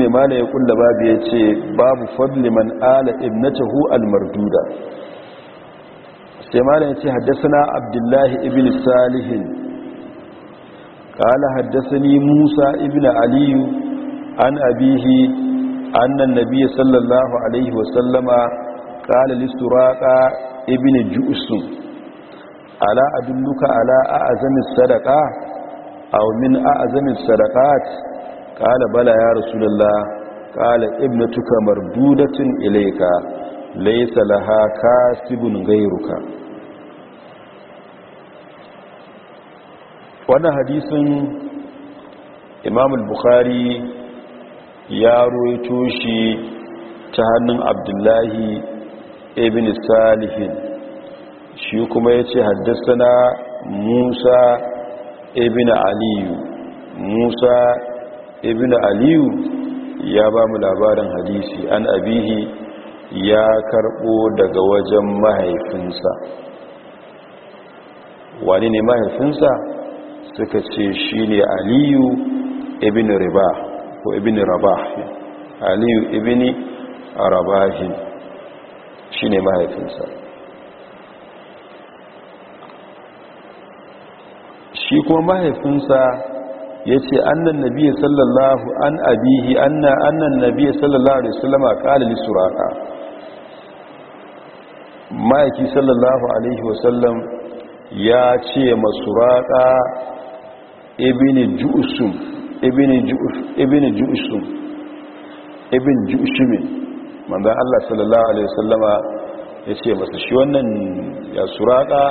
ne ma ya kulla babu ya ce babu fadli man ala ibnatahu almarduda sai ma ya ce haddasa abdullahi ibn salihin قال حدثني Musa ابن Aliyu. an abihi annan nabiy sallallahu alaihi wasallama qala listuraqa ibn ju'sum ala adulluka ala a'zami sadaqa aw min a'zami sadaqat qala bala ya rasulullah qala ibnatuka mardudatun ilayka laysa laha kasibun ghayruka wannan hadisin imam al-bukhari ya ruwaito shi ta hannun abdullahi ibn salihin shi kuma ya ce haddasa musa ibn aliyu musa ibn aliyu ya ba mu labarin hadisi an abihi ya karbo daga wajen mahaifinsa wani ne mahaifinsa suka ce shi ne aliyu ibn riba ko ibn rabah aliyu ibn rabahin shi ne mahaifinsa shi kuma mahaifinsa ya ce annan nabiya sallallahu an abihi annan nabiya sallallahu alaihi wasallama kalali suraka ma'aiki sallallahu alaihi wasallam ya ce masuraka ibini jusum ibn ju'ishum ibn ju'ishimin manzo allah sallallahu alaihi wasallama ya ce shi wannan ya suraka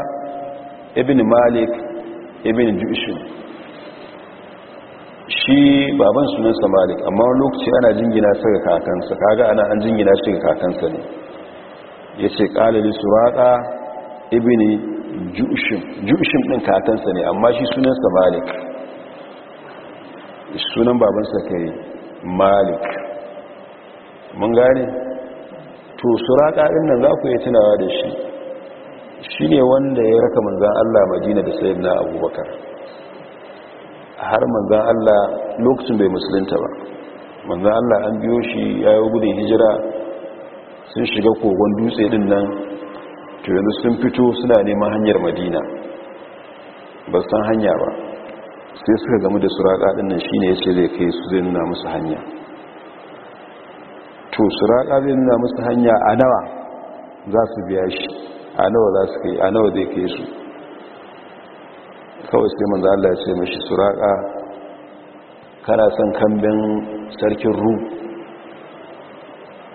ibn malik ibn ju'ishim shi baban sunansa malik amma wani lokaci ana jingina sa ga kakansa kaga ana an jingina shi ga kakansa ne ya ce kalali suraka ibn ju'ishim ju'ishim din kakansa ne amma shi sunansa malik sunan babansa kai malik mun gane to suraka ɗin nan za ku yi tunawa da shi shi ne wanda ya raka manzan Allah madina da sayid abubakar har manzan Allah lokacin bai musulunta ba manzan Allah an biyo shi ya yi gudun hijira sun shiga kogon dutse ɗin nan to yanzu sun fito suna neman hanyar madina ba san hanya ba sai suka gamu da suraka din nan shine yace zai kai su zai nuna musu hanya to suraka zai nuna musu hanya a nawa za su biya shi a nawa za su kai a nawa zai kai su kawai sai manzo Allah ya ce mishi suraka kana son kambin sarkin ru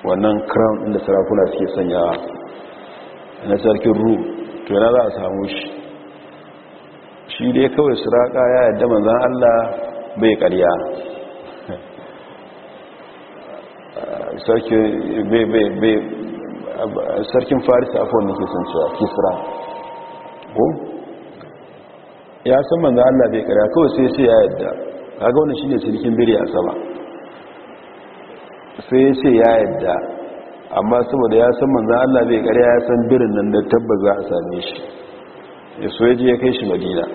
wannan crown din da sarakuna suke sanyawa na sarkin ru to yana za a samu shi shi dai kawai suraka ya yadda manzan Allah bai karya sarkin faris afon nake sun cewa kisra ko ya san manzan Allah bai karya kawai sai sai ya yadda kaga wani shi ne sirkin biri a sama sai sai ya yadda amma saboda ya san manzan Allah bai karya ya san birin nan da tabba za a same shi ya so ya ya kai shi madina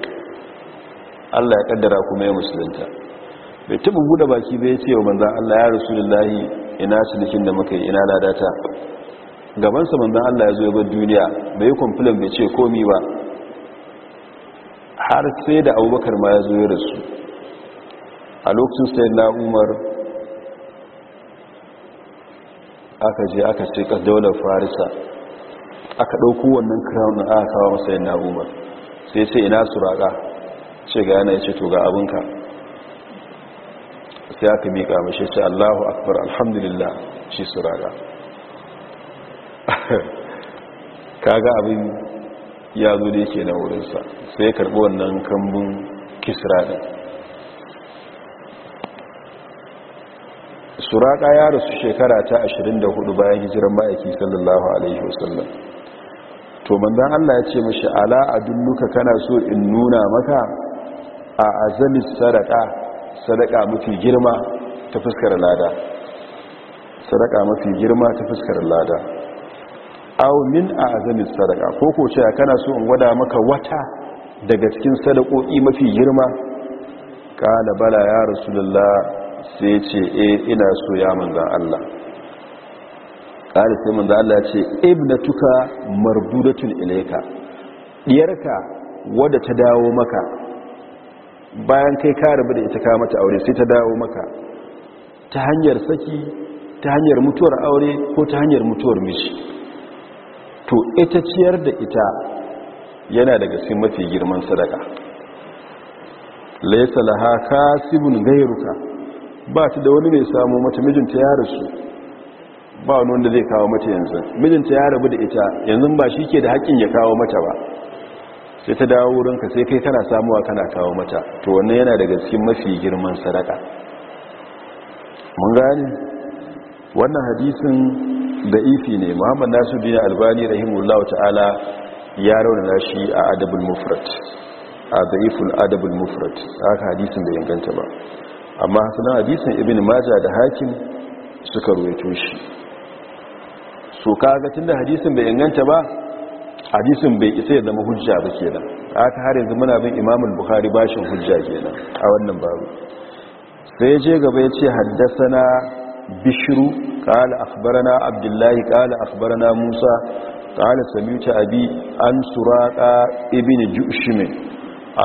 Allah ya kaddara kuma ya musulunta bai taba buɗe baki bai ce wa manzan Allah ya rasu rasulullahi ina cinikin da muka yi ina ladata gabansa manzan Allah ya zo ya bar duniya bai yi kwamfilin bai ce komi ba har sai da abubakar ma ya zo ya rasu a lokacin sai na umar aka je aka ce daular farisa aka ɗauko wannan crown aka kawo masa yana umar sai sai ina suraka ce ga yana ce to ga abinka sai aka miƙa mashi ce allahu akbar alhamdulillah shi Ka kaga abin ya zo da yake na wurinsa sai karɓi wannan kambun kisra ɗin suraka ya rasu shekara ta 24 bayan hijiran ma'aiki sallallahu alaihi wasallam to manzan Allah ya ce mashi ala a dulluka kana so in nuna maka a azamin sadaka sadaka mafi girma ta fuskar lada sadaka mafi girma ta fuskar lada aw min azamin sadaka ko ko cewa kana so in gwada maka wata daga cikin sadakoki mafi girma kala bala ya rasulullah sai ce eh ina so ya manzan Allah kala sai manzan Allah ya ce ibnatuka mardudatun ilayka diyarka wadda ta dawo maka bayan kai ka rabu da ita ka mata aure sai ta dawo maka ta hanyar saki ta hanyar mutuwar aure ko ta hanyar mutuwar mishi to ita ciyar da ita yana daga cikin mafi girman sadaka laisa laha kasibun gairuka ba ta da wani mai samu mata mijinta ya rasu ba wani wanda zai kawo mata yanzu mijinta ya rabu da ita yanzu ba shi ke da haƙƙin ya kawo mata ba sai ta dawo wurinka sai kai kana samuwa kana kawo mata to wannan yana daga cikin mafi girman sadaka mun gani wannan hadisin da ifi ne muhammad nasu dina albani rahimullahu ta'ala ya raunana shi a adabul mufrat a da'iful adabul mufrat haka hadisin da inganta ba amma sunan hadisin ibn maja da hakim suka ruwaito shi so kaga tunda hadisin bai inganta ba hadisin bai isa ya zama hujja ba kenan ta har yanzu muna bin imamul buhari bashin hujja kenan a wannan babu sai ya je gaba ya ce haddasa na bishiru qala akbarana abdullahi qala akbarana musa sami samita abi an suraqa ibn jushim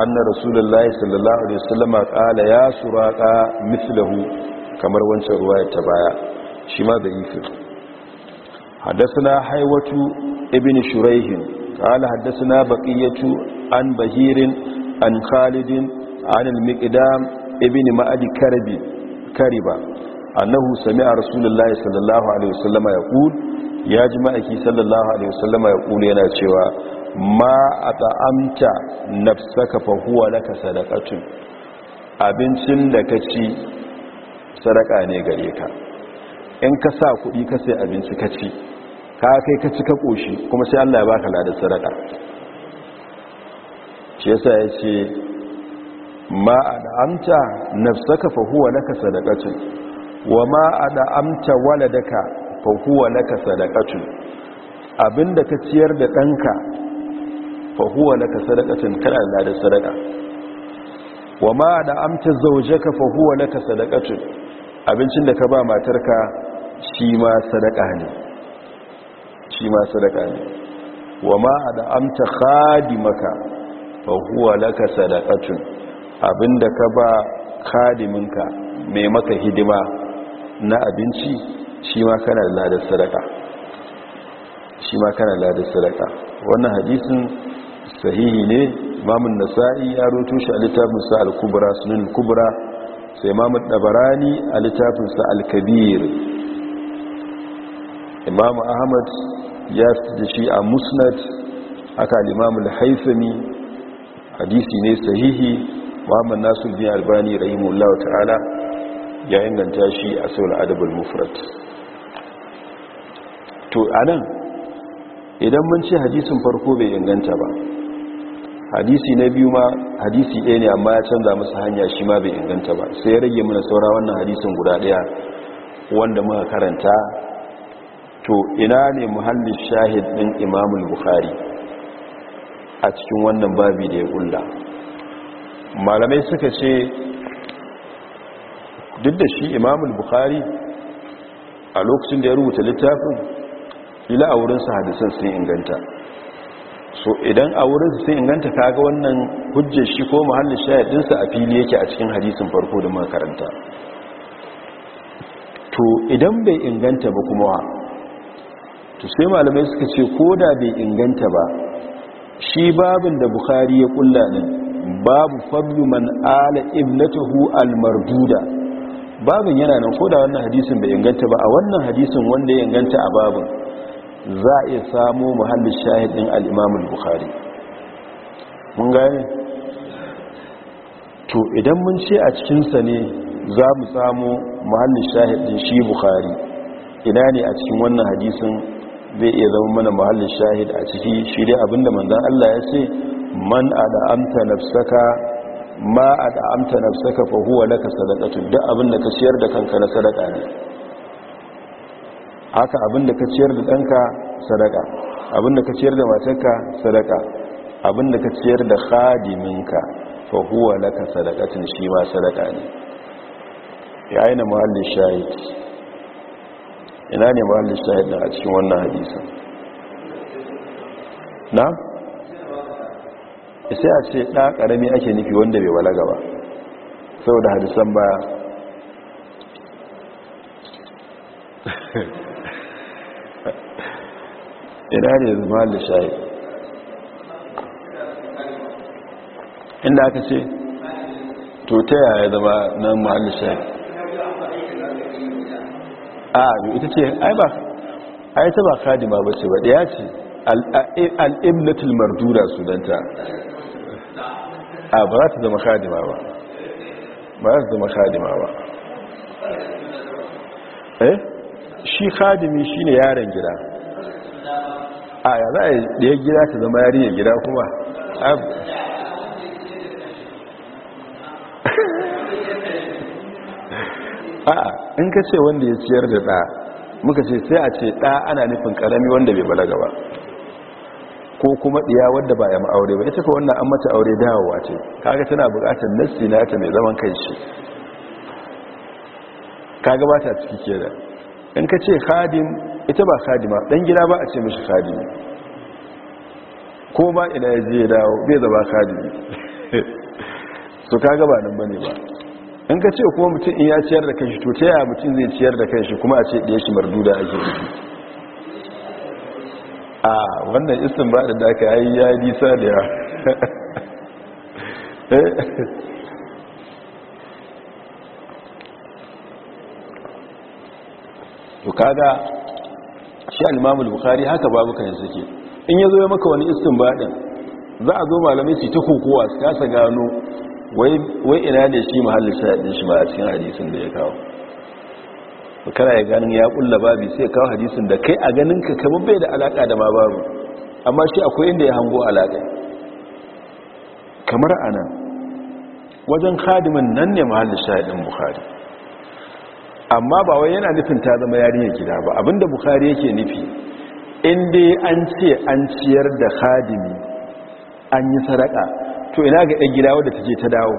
anna rasulullahi sallallahu alaihi wasallama qala ya suraƙa mislahu kamar wancan ruwaya ta baya shi ma da ifi حدثنا حيوة ابن شريح قال حدثنا بقية عن بهير عن خالد عن المقدام ابن مأدي كربي كربا أنه سمع رسول الله صلى الله عليه وسلم يقول يا جماعة صلى الله عليه وسلم يقول ينا شوى ما أطعمت نفسك فهو لك صدقة abincin da ka ci sadaka ne gare ka in ka sa kuɗi ka sai abinci ka ci ka kai ka cika koshi kuma sai Allah ya baka ladar sadaka shi yasa ya ce ma ad'amta nafsaka fa huwa laka sadaqatun wa ma ad'amta waladaka fa huwa laka sadaqatun abinda ka ciyar da danka fa huwa laka sadaqatun kana da ladar sadaka wa ma ad'amta zawjaka fa huwa laka sadaqatun abincin da ka ba matarka shi ma sadaka ne shi ma sadaka ne wa ma da amta khadimaka fa huwa laka sadaqatun abinda ka ba khadiminka mai maka hidima na abinci shi ma kana da sadaka shi ma kana da sadaka wannan hadisin sahihi ne imamun nasa'i ya roto shi a littafinsa al-kubra sunan kubra sai imamun dabarani a sa al-kabir imamu ahmad ya da shi a musnad aka limamul haifami hadisi ne sahihi muhammad nasir bin albani rahimullahu ta'ala ya inganta shi a sau adabul mufrat to anan idan mun ce hadisin farko bai inganta ba hadisi na biyu ma hadisi ɗaya ne amma ya canza masa hanya shi ma bai inganta ba sai ya rage mana saura wannan hadisin guda ɗaya wanda muka karanta to ina ne muhallin shahid din imamul bukhari a cikin wannan babi da ya kulla malamai suka ce duk da shi imamul bukhari a lokacin da ya rubuta littafin ila a wurinsa hadisan sun inganta so idan a wurinsa sun inganta kaga wannan hujjar shi ko muhallin shahid dinsa a fili yake a cikin hadisin farko da makaranta to idan bai inganta ba kuma to sai malamai suka ce ko da bai inganta ba shi babin da bukhari ya kulla ne babu fablu man ala ibnatuhu almarduda babin yana nan ko da wannan hadisin bai inganta ba a wannan hadisin wanda ya inganta a babin za a iya samo muhallin shahidin al-imam al-bukhari mun gane to idan mun ce a cikinsa ne za mu samu muhallin shahidin shi bukhari ina ne a cikin wannan hadisin zai iya zama mana mahallin shahid a ciki shi dai abinda manzan Allah ya ce man a ada'amta nafsaka ma a ada'amta nafsaka fa huwa laka sadaqatu duk abinda ka ciyar da kanka na sadaka ne haka abinda ka ciyar da danka sadaka abinda ka ciyar da matarka sadaka abinda ka ciyar da khadiminka fa huwa laka sadaqatun shi ma sadaka ne ya aina mahallin shahid ina ne ba lissahid a cikin wannan hadisa na sai a ce ɗa ƙarami ake nufi wanda bai balaga ba saboda hadisan baya ina ne zama lissahid inda aka ce to ta yaya zama nan mahallin shahid a ita ce ai ba ai ta ba kadima ba ce ba ɗaya ce al'imlatul e, mardura sudanta. a ba za ta zama kadima ba ba za ta zama kadima ba eh shi kadimi shi ne yaren gida a ya za a ɗaya gida ta zama yari gida kuma a'a in ka ce wanda ya ciyar da ɗa muka ce sai a ce ɗa ana nufin ƙarami wanda bai balaga ba ko kuma ɗiya wadda ba ya ma'aure ba ita ka wannan an mata aure dawowa ce kaga tana buƙatar nassi na ta mai zaman kai shi kaga ba ta ciki kera in ka ce hadin ita ba ma ɗan gida ba a ce mishi khadimi ko ba ina ya je dawo bai zaba khadimi so kaga ba nan bane ba in ka ce kuma mutum in ya ciyar da kanshi to ta yaya mutum zai ciyar da kanshi kuma a ce ɗaya shi marduda ake rufi a wannan istin ba da aka yi ya yi nisa da eh? ya to kada shi alimamul bukari bukhari haka babu kan ke in yazo ya maka wani istinbadin za a zo malamai su ta kokowa su kasa gano wai ina da shi mahallin shaɗin shi ma a cikin hadisun da ya kawo kana ya ganin ya kulla babi sai kawo hadisun da kai a ganin ka kamar bai da alaka da ma babu amma shi akwai inda ya hango alaka kamar nan wajen khadimin nan ne mahallin shaɗin bukhari amma ba wai yana nufin ta zama yarinya gida ba abinda bukhari yake nufi in dai an ce an ciyar da khadimi an yi sadaka to ina ga ɗan gida wadda ta je ta dawo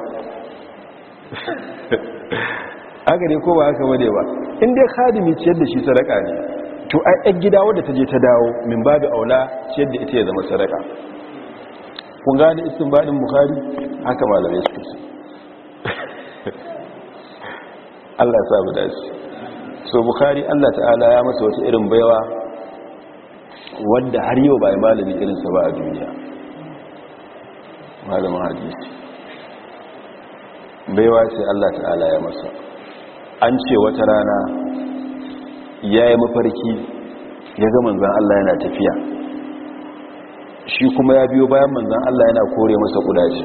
haka ne ko ba haka wadai ba inda ya hadimi ciyar da shi sadaka ne to ai ɗan gida wadda ta je ta dawo min da aula ciyar da ita ya zama sadaka kun gane istin baɗin bukari haka malamai su kusa allah ya da dace so bukari allah ta'ala ya masa wata irin baiwa wadda har yau ba yi malami irinsa ba a duniya malamin hadisi baiwa ce Allah ta'ala ya masa an ce wata rana ya yi mafarki ya ga manzan Allah yana tafiya shi kuma ya biyo bayan manzan Allah yana kore masa kudaje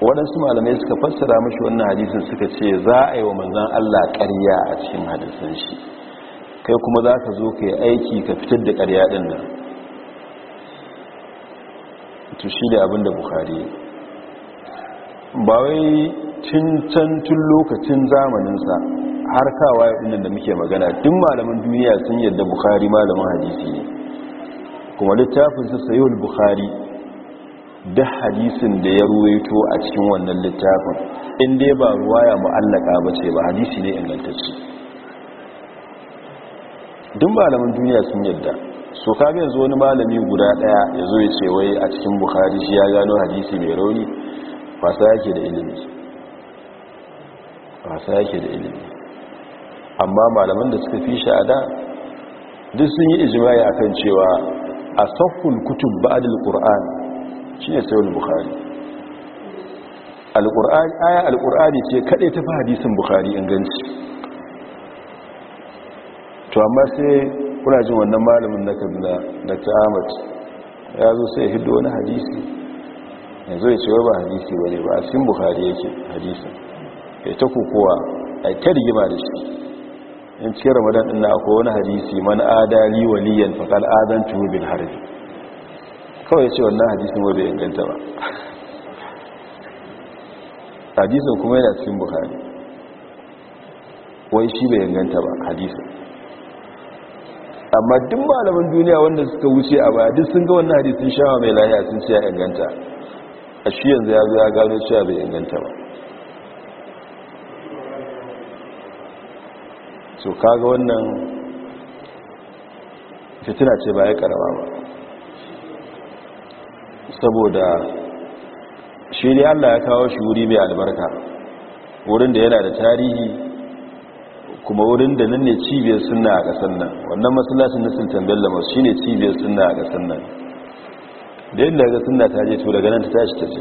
waɗansu malamai suka fassara mashi wannan hadisin suka ce za a yi wa manzan Allah ƙarya a cikin hadisun shi kai kuma za ka zo ka yi aiki ka fitar da ƙarya ɗin nan to shi da abin da bukari ba wai tun lokacin zamaninsa har kawa ya da muke magana duk malaman duniya sun yadda bukari malamin hadisi ne kuma littafinsa sayowar buhari da hadisin da ya ruwaito a cikin wannan littafin inda ya ba ruwa ya mu'allaka ba ce ba hadisi ne ingantacci duk malaman duniya sun yadda so ka ga yanzu wani malami guda daya ya zo ya ce wai a cikin bukhari shi ya gano hadisi mai rauni wasa yake da ilimi wasa yake da ilimi amma malaman da suka fi shi a da duk sun yi ijimai akan cewa a sahul kutub ba'd al-qur'an shine sayyid bukhari al-qur'an aya al-qur'ani ce kade ta fi hadisin bukhari inganci to amma sai kuna jin wannan malamin na kabila da ta amat ya zo sai hiddo wani hadisi ya zo ya ce ba hadisi ba ne ba a cikin buhari yake hadisi ya ta kukuwa a ta rigima da shi in cikin ramadan ina akwai wani hadisi man adali waliyan faƙal adan tubin harbi kawai ya ce wannan hadisin wadda ganta ba hadisin kuma yana cikin buhari wai shi bai ganta ba hadisin amma duk malaman duniya wanda suka wuce a baya duk sun ga wannan hadisin shawa mai lahiya sun ce ya inganta a shi yanzu ya zo ya gano cewa bai inganta ba so kaga wannan fitina ce ba ya karama ba saboda shi ne allah ya kawo shi wuri mai albarka wurin da yana da tarihi kuma wurin da nan ne cibiyar suna a ƙasar nan wannan masallacin na tambayar lamar masu shi ne cibiyar suna a ƙasar nan da yadda ga suna ta je to daga nan ta tashi ta ce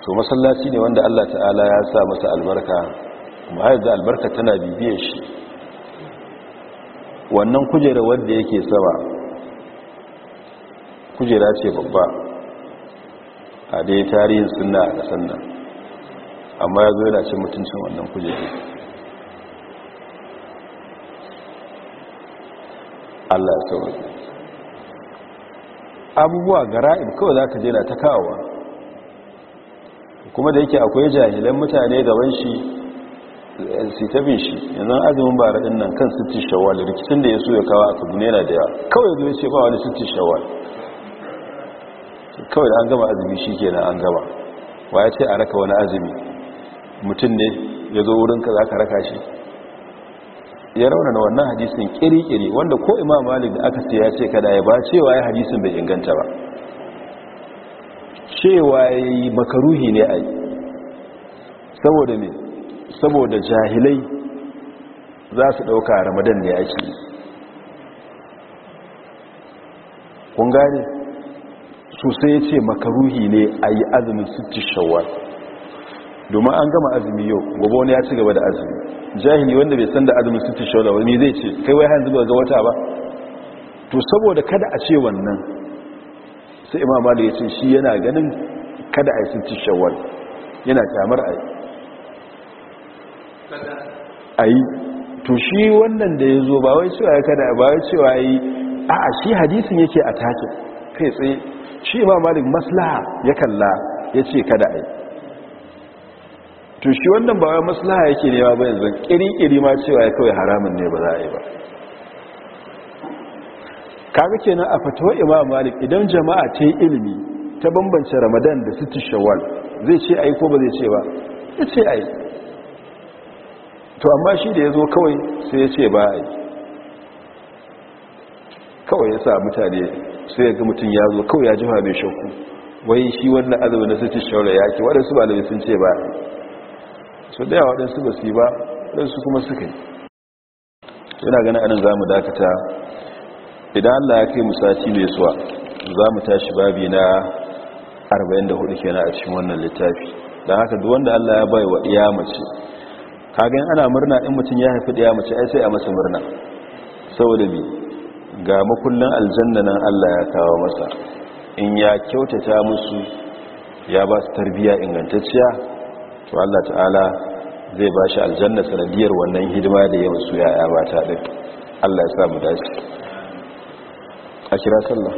so masallaci ne wanda allah ta'ala ya sa masa albarka kuma har da albarka tana bibiyar shi wannan kujera wadda yake sama kujera ce babba a dai tarihin suna a ƙasar nan amma ya zo yana cin mutuncin wannan kujeru allah ya sauwa abubuwa ga gara'ib kawai za ka na ta kawowa kuma da yake akwai jahilan mutane gaban shi sitabin shi yanzu azumin bara din nan kan sittin da rikicin da ya so ya kawo a kabune yana da yawa kawai zai ce ba wani sittin shawwal kawai an gama azumi shi kenan an gama wa ya ce a raka wani azumi mutum ne ya zo wurinka za ka raka shi ya rauna na wannan hadisin kiri-kiri wanda ko imam malik da aka ya ce kada ya ba cewa ya hadisun bai inganta ba cewa ya yi makaruhi ne a yi saboda ne saboda jahilai za su ɗauka ramadan ne ake kun gane su ya ce makaruhi ne a yi azumin ci shawar domin an gama azumi yau gobe wani ya ci gaba da azumi jahili wanda bai san da azumi sun ci da wani zai ce kai wai hanzu ba ga wata ba to saboda kada a ce wannan sai imam malik ya ce shi yana ganin kada a yi sun tishe yana kyamar a yi a yi to shi wannan da ya zo ba wai cewa ya kada ba wai cewa ya yi a a shi hadisin yake a take kai tsaye shi imam malik maslaha ya kalla ya ce kada a yi to shi wannan ba wa maslaha yake nema ba yanzu kiri ma cewa ya kawai haramun ne ba za a yi ba kaga kenan a fatawa imam malik idan jama'a ta yi ilimi ta bambance ramadan da sitin shawwal zai ce ai ko ba zai ce ba ya ce ai to amma shi da ya zo kawai sai ya ce ba ai kawai ya sa mutane sai ya ga mutum ya zo kawai ya jima mai shakku wai shi wannan azumi na sitin shawwal ya ke waɗansu malamai sun ce ba so da yawa ɗansu ba su yi ba ɗansu kuma suka yi yana ganin anan za mu dakata idan allah ya kai mu sati mai zuwa za mu tashi babi na 44 kenan a cikin wannan littafi don haka duk wanda allah ya bai wa iya mace kagan ana murna in mutum ya haifi iya mace ai sai a masa murna saboda bi ga makullin aljanna nan allah ya kawo masa in ya kyautata musu ya ba su tarbiya ingantacciya to Allah ta'ala zai ba shi aljanna sanadiyar wannan hidima da yawan su ya'ya mata ɗin Allah ya sa mu dace a kira sallah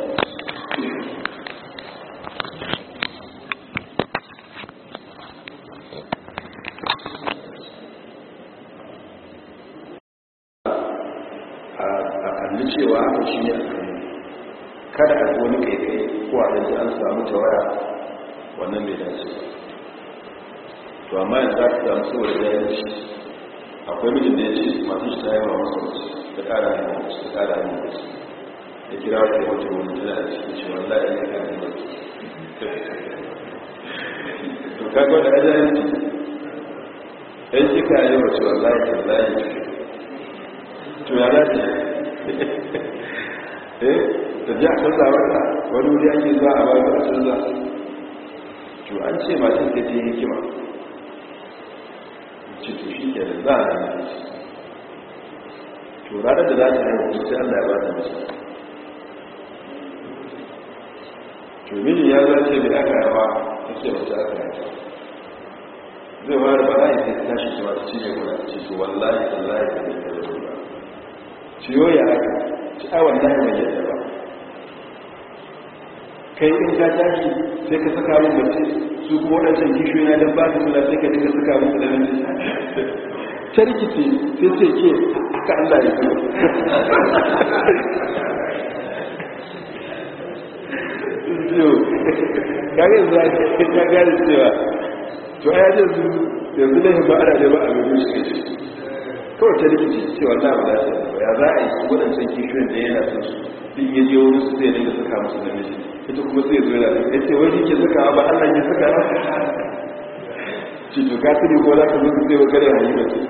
kada a wani kai kai ko a yanzu an samu tawaya wannan bai dace ba to amma yanzu za ka samu saboda ya yi shi akwai mijin da ya ce masu shi ta yi wa masu ta kara hanyar wasu ta kara hanyar wasu ya kira wata wata wani tana da cikin shi wanda ya yi hanyar wasu to kaga da ajayanci ɗan shi ka yi wasu wanda ya ke da ya ke to ya dace eh da ji a kan zawarta wani wuri ake zuwa a bayan a canza to an ce masu ta ce hikima ba a ranar to ranar da za ta haihu sai allah ya ba ta masu to ya zace mai aka yawa ta ce wata aka yawa zai ba ra'ayi sai ta wata cinye kuna ce to wallahi wallahi ta ne ta zo ba ciyo ya haka ci awon na yawan yadda ba kai in ka tashi sai ka saka min mace su kuma wadancan kishiyoyi na don ba su sai ka dinga saka min kudin ta rikice sai ce ke ka Allah ya kare za ta gane cewa to ya su yanzu laifin ba ana neman abin shi kace ta rikici cewa na ba za ya za a yi waɗancan kishiyar da yana su din ya je wani su zai dinga suka musu da miji ita kuma sai zo da ya ce wani ke saka ba allah ke ce to ka ko za ka mutu zai wakare a yi bace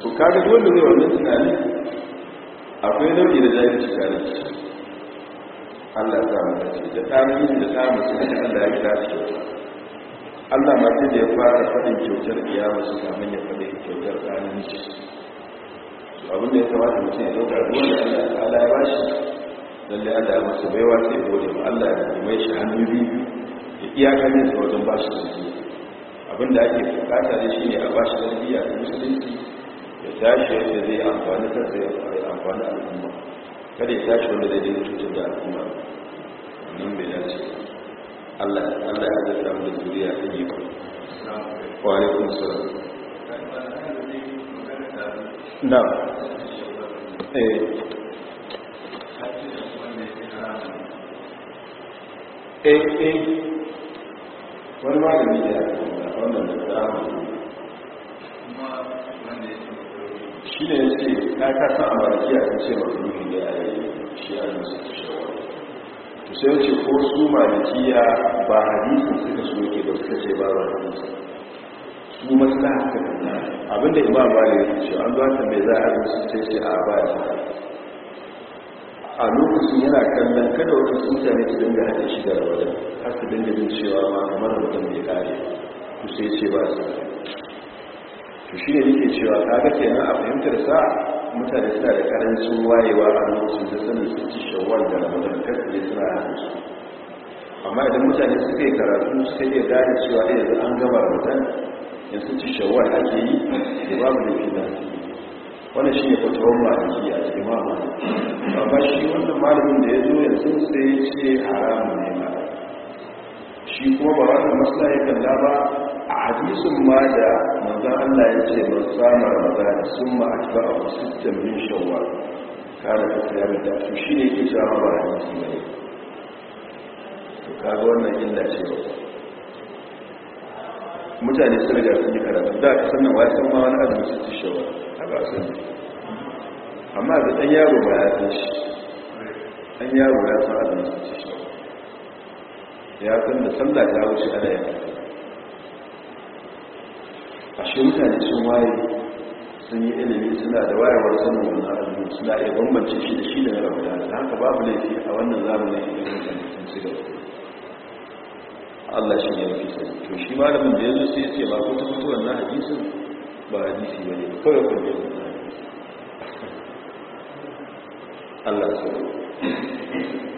su kaga dole zai wannan tunani akwai nau'i da zai ci tare da Allah ya samu da ta da da ta sun da Allah ya kira shi Allah ma sai da ya fara faɗin kyautar iyawa su kamin ya faɗi kyautar tsarin miji abin da ya kamata mutum ya ɗauka ruwan da Allah ta'ala ya shi lalle Allah ya masa baiwa sai gode ma Allah ya mai shi hannu biyu ya iyakar da wajen su biyu abinda ake bukata da shi ne a bashi tarbiyya da musulunci ya tashi yadda zai amfani sai ya amfani al'umma kada ya tashi wanda zai dinga cutar da al'umma nan bai dace Allah Allah ya zata mu da zuriya ta yi ba wa alaikum salam na eh eh eh wani malami da wannan littafin shi ne ya ce ta kasa a marakiya ta ce mafi da ya yi shi a yin su shawar to sai ce ko su malikiya ba hadisin suka su yake ba suka ce ba ba hadisin su masu haka abinda imam malik ya ce an zuwa mai za a yi su sai ce a ba ya a lokacin yana kallon kada wata ne su dinga haɗe shi da rawar har su dinga jin cewa ma kamar mutum bai kare ba to sai ce ba su to shi ne nake cewa ta kaga kenan a fahimtar sa mutane suna da karancin wayewa a lokacin da sanin sun ci shawar da ramadan kasance suna hannun su amma idan mutane suka yi karatu suka iya gane cewa da eh, yanzu an gama ramadan yanzu ci shawar ake yi da babu da fi nan wani shi ne fatawar maliki a cikin mamaki amma shi wanda malamin da ya zo yanzu sai ce haramun ne ma shi ko ba wani masala ya da ba a hadisun ma da manzan Allah ya ce ba samar maza da sun ma a cikin abu sistem yin shawwa kada ta tsayar da su shi ne kisa ma ba hadisi su ne to kaga wannan illa ce ba mutane sun riga sun yi karatu da ka sannan wa san ma wani abu su ci shawwa a ba su amma da ɗan yaro ba ya san shi ɗan yaro ya san abu su ci shawwa ya kun da sallah ta wuce ana yi a shi mutane sun waye sun yi ilimi suna da wayewar sanin wannan abu suna iya bambance shi da shi da ramadan da haka babu laifi a wannan zamanin ilimin da sun ci Allah shi ne yake sani to shi malamin da yanzu sai ce ba ku ta fito wannan hadisin ba hadisi ba ne kawai kun yi Allah sai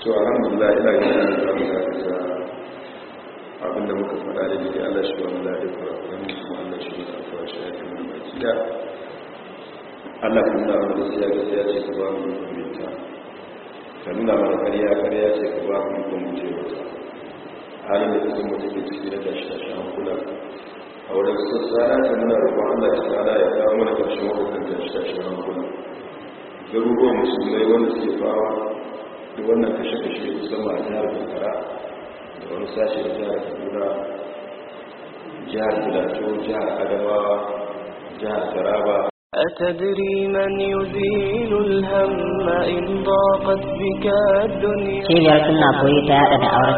to alhamdulillah ina gina da zamu dakata abinda muka faɗa da jiki allah shi ya daɗin kurakuran kuma allah shi wani afuwa shi ya kama mai gida allah na nuna mana gaskiya ya ce ka ba mu hukunta ka nuna mana karya karya ce ka ba mu hukunta wata halin da kusan mutum ke ciki na tashi tashi hankula a wurin sassana ta nuna roƙon allah ta tsara ya kawo mana wata kan tashi tashi hankula garuruwan musulmai wanda suke fawa duk wannan kashe-kashe musamman a jihar bukara da wani sashe da jihar kaduna jihar filato jihar adamawa jihar taraba أتدري من يزيل الهم إن ضاقت da aure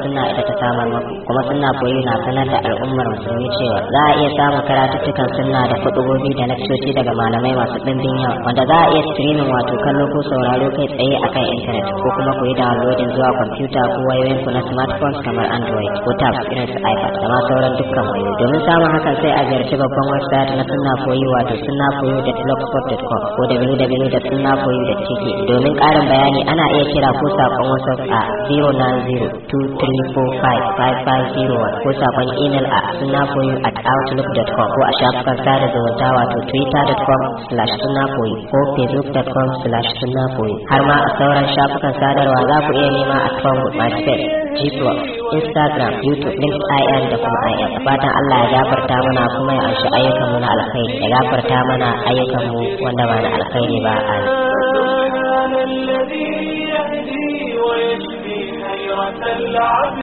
suna ita ta samar muku kuma suna koyi na sanar da al'ummar musulmi cewa za a iya samun karatuttukan sunna da kudubobi da lakcoci daga malamai masu ɗimbin yawa wanda za a iya streaming wato kallo ko sauraro kai tsaye akan intanet ko kuma koyi da downloading zuwa kwamfuta ko wayoyin ku na smartphones kamar android ko tab irin su ipad da ma sauran dukkan wayoyi domin samun hakan sai a ziyarci babban website na sunna koyi wato suna koyi da da blogspot.com ko ciki domin ƙarin bayani ana iya kira ko saƙon wasu a 09023455501 ko saƙon email a sunnafoyu at outlook.com ko a shafukan sada zumunta wato twitter.com slash sunnafoyu ko facebook.com slash sunnafoyu har ma a sauran shafukan sadarwa za ku iya nema a kan masu group instagram youtube linkedin da kuma im fatan allah ya gafarta mana kuma ya anshi ayyukan mu na alkhairi ya gafarta mana ayyukan mu wanda ba na alkhairi ba a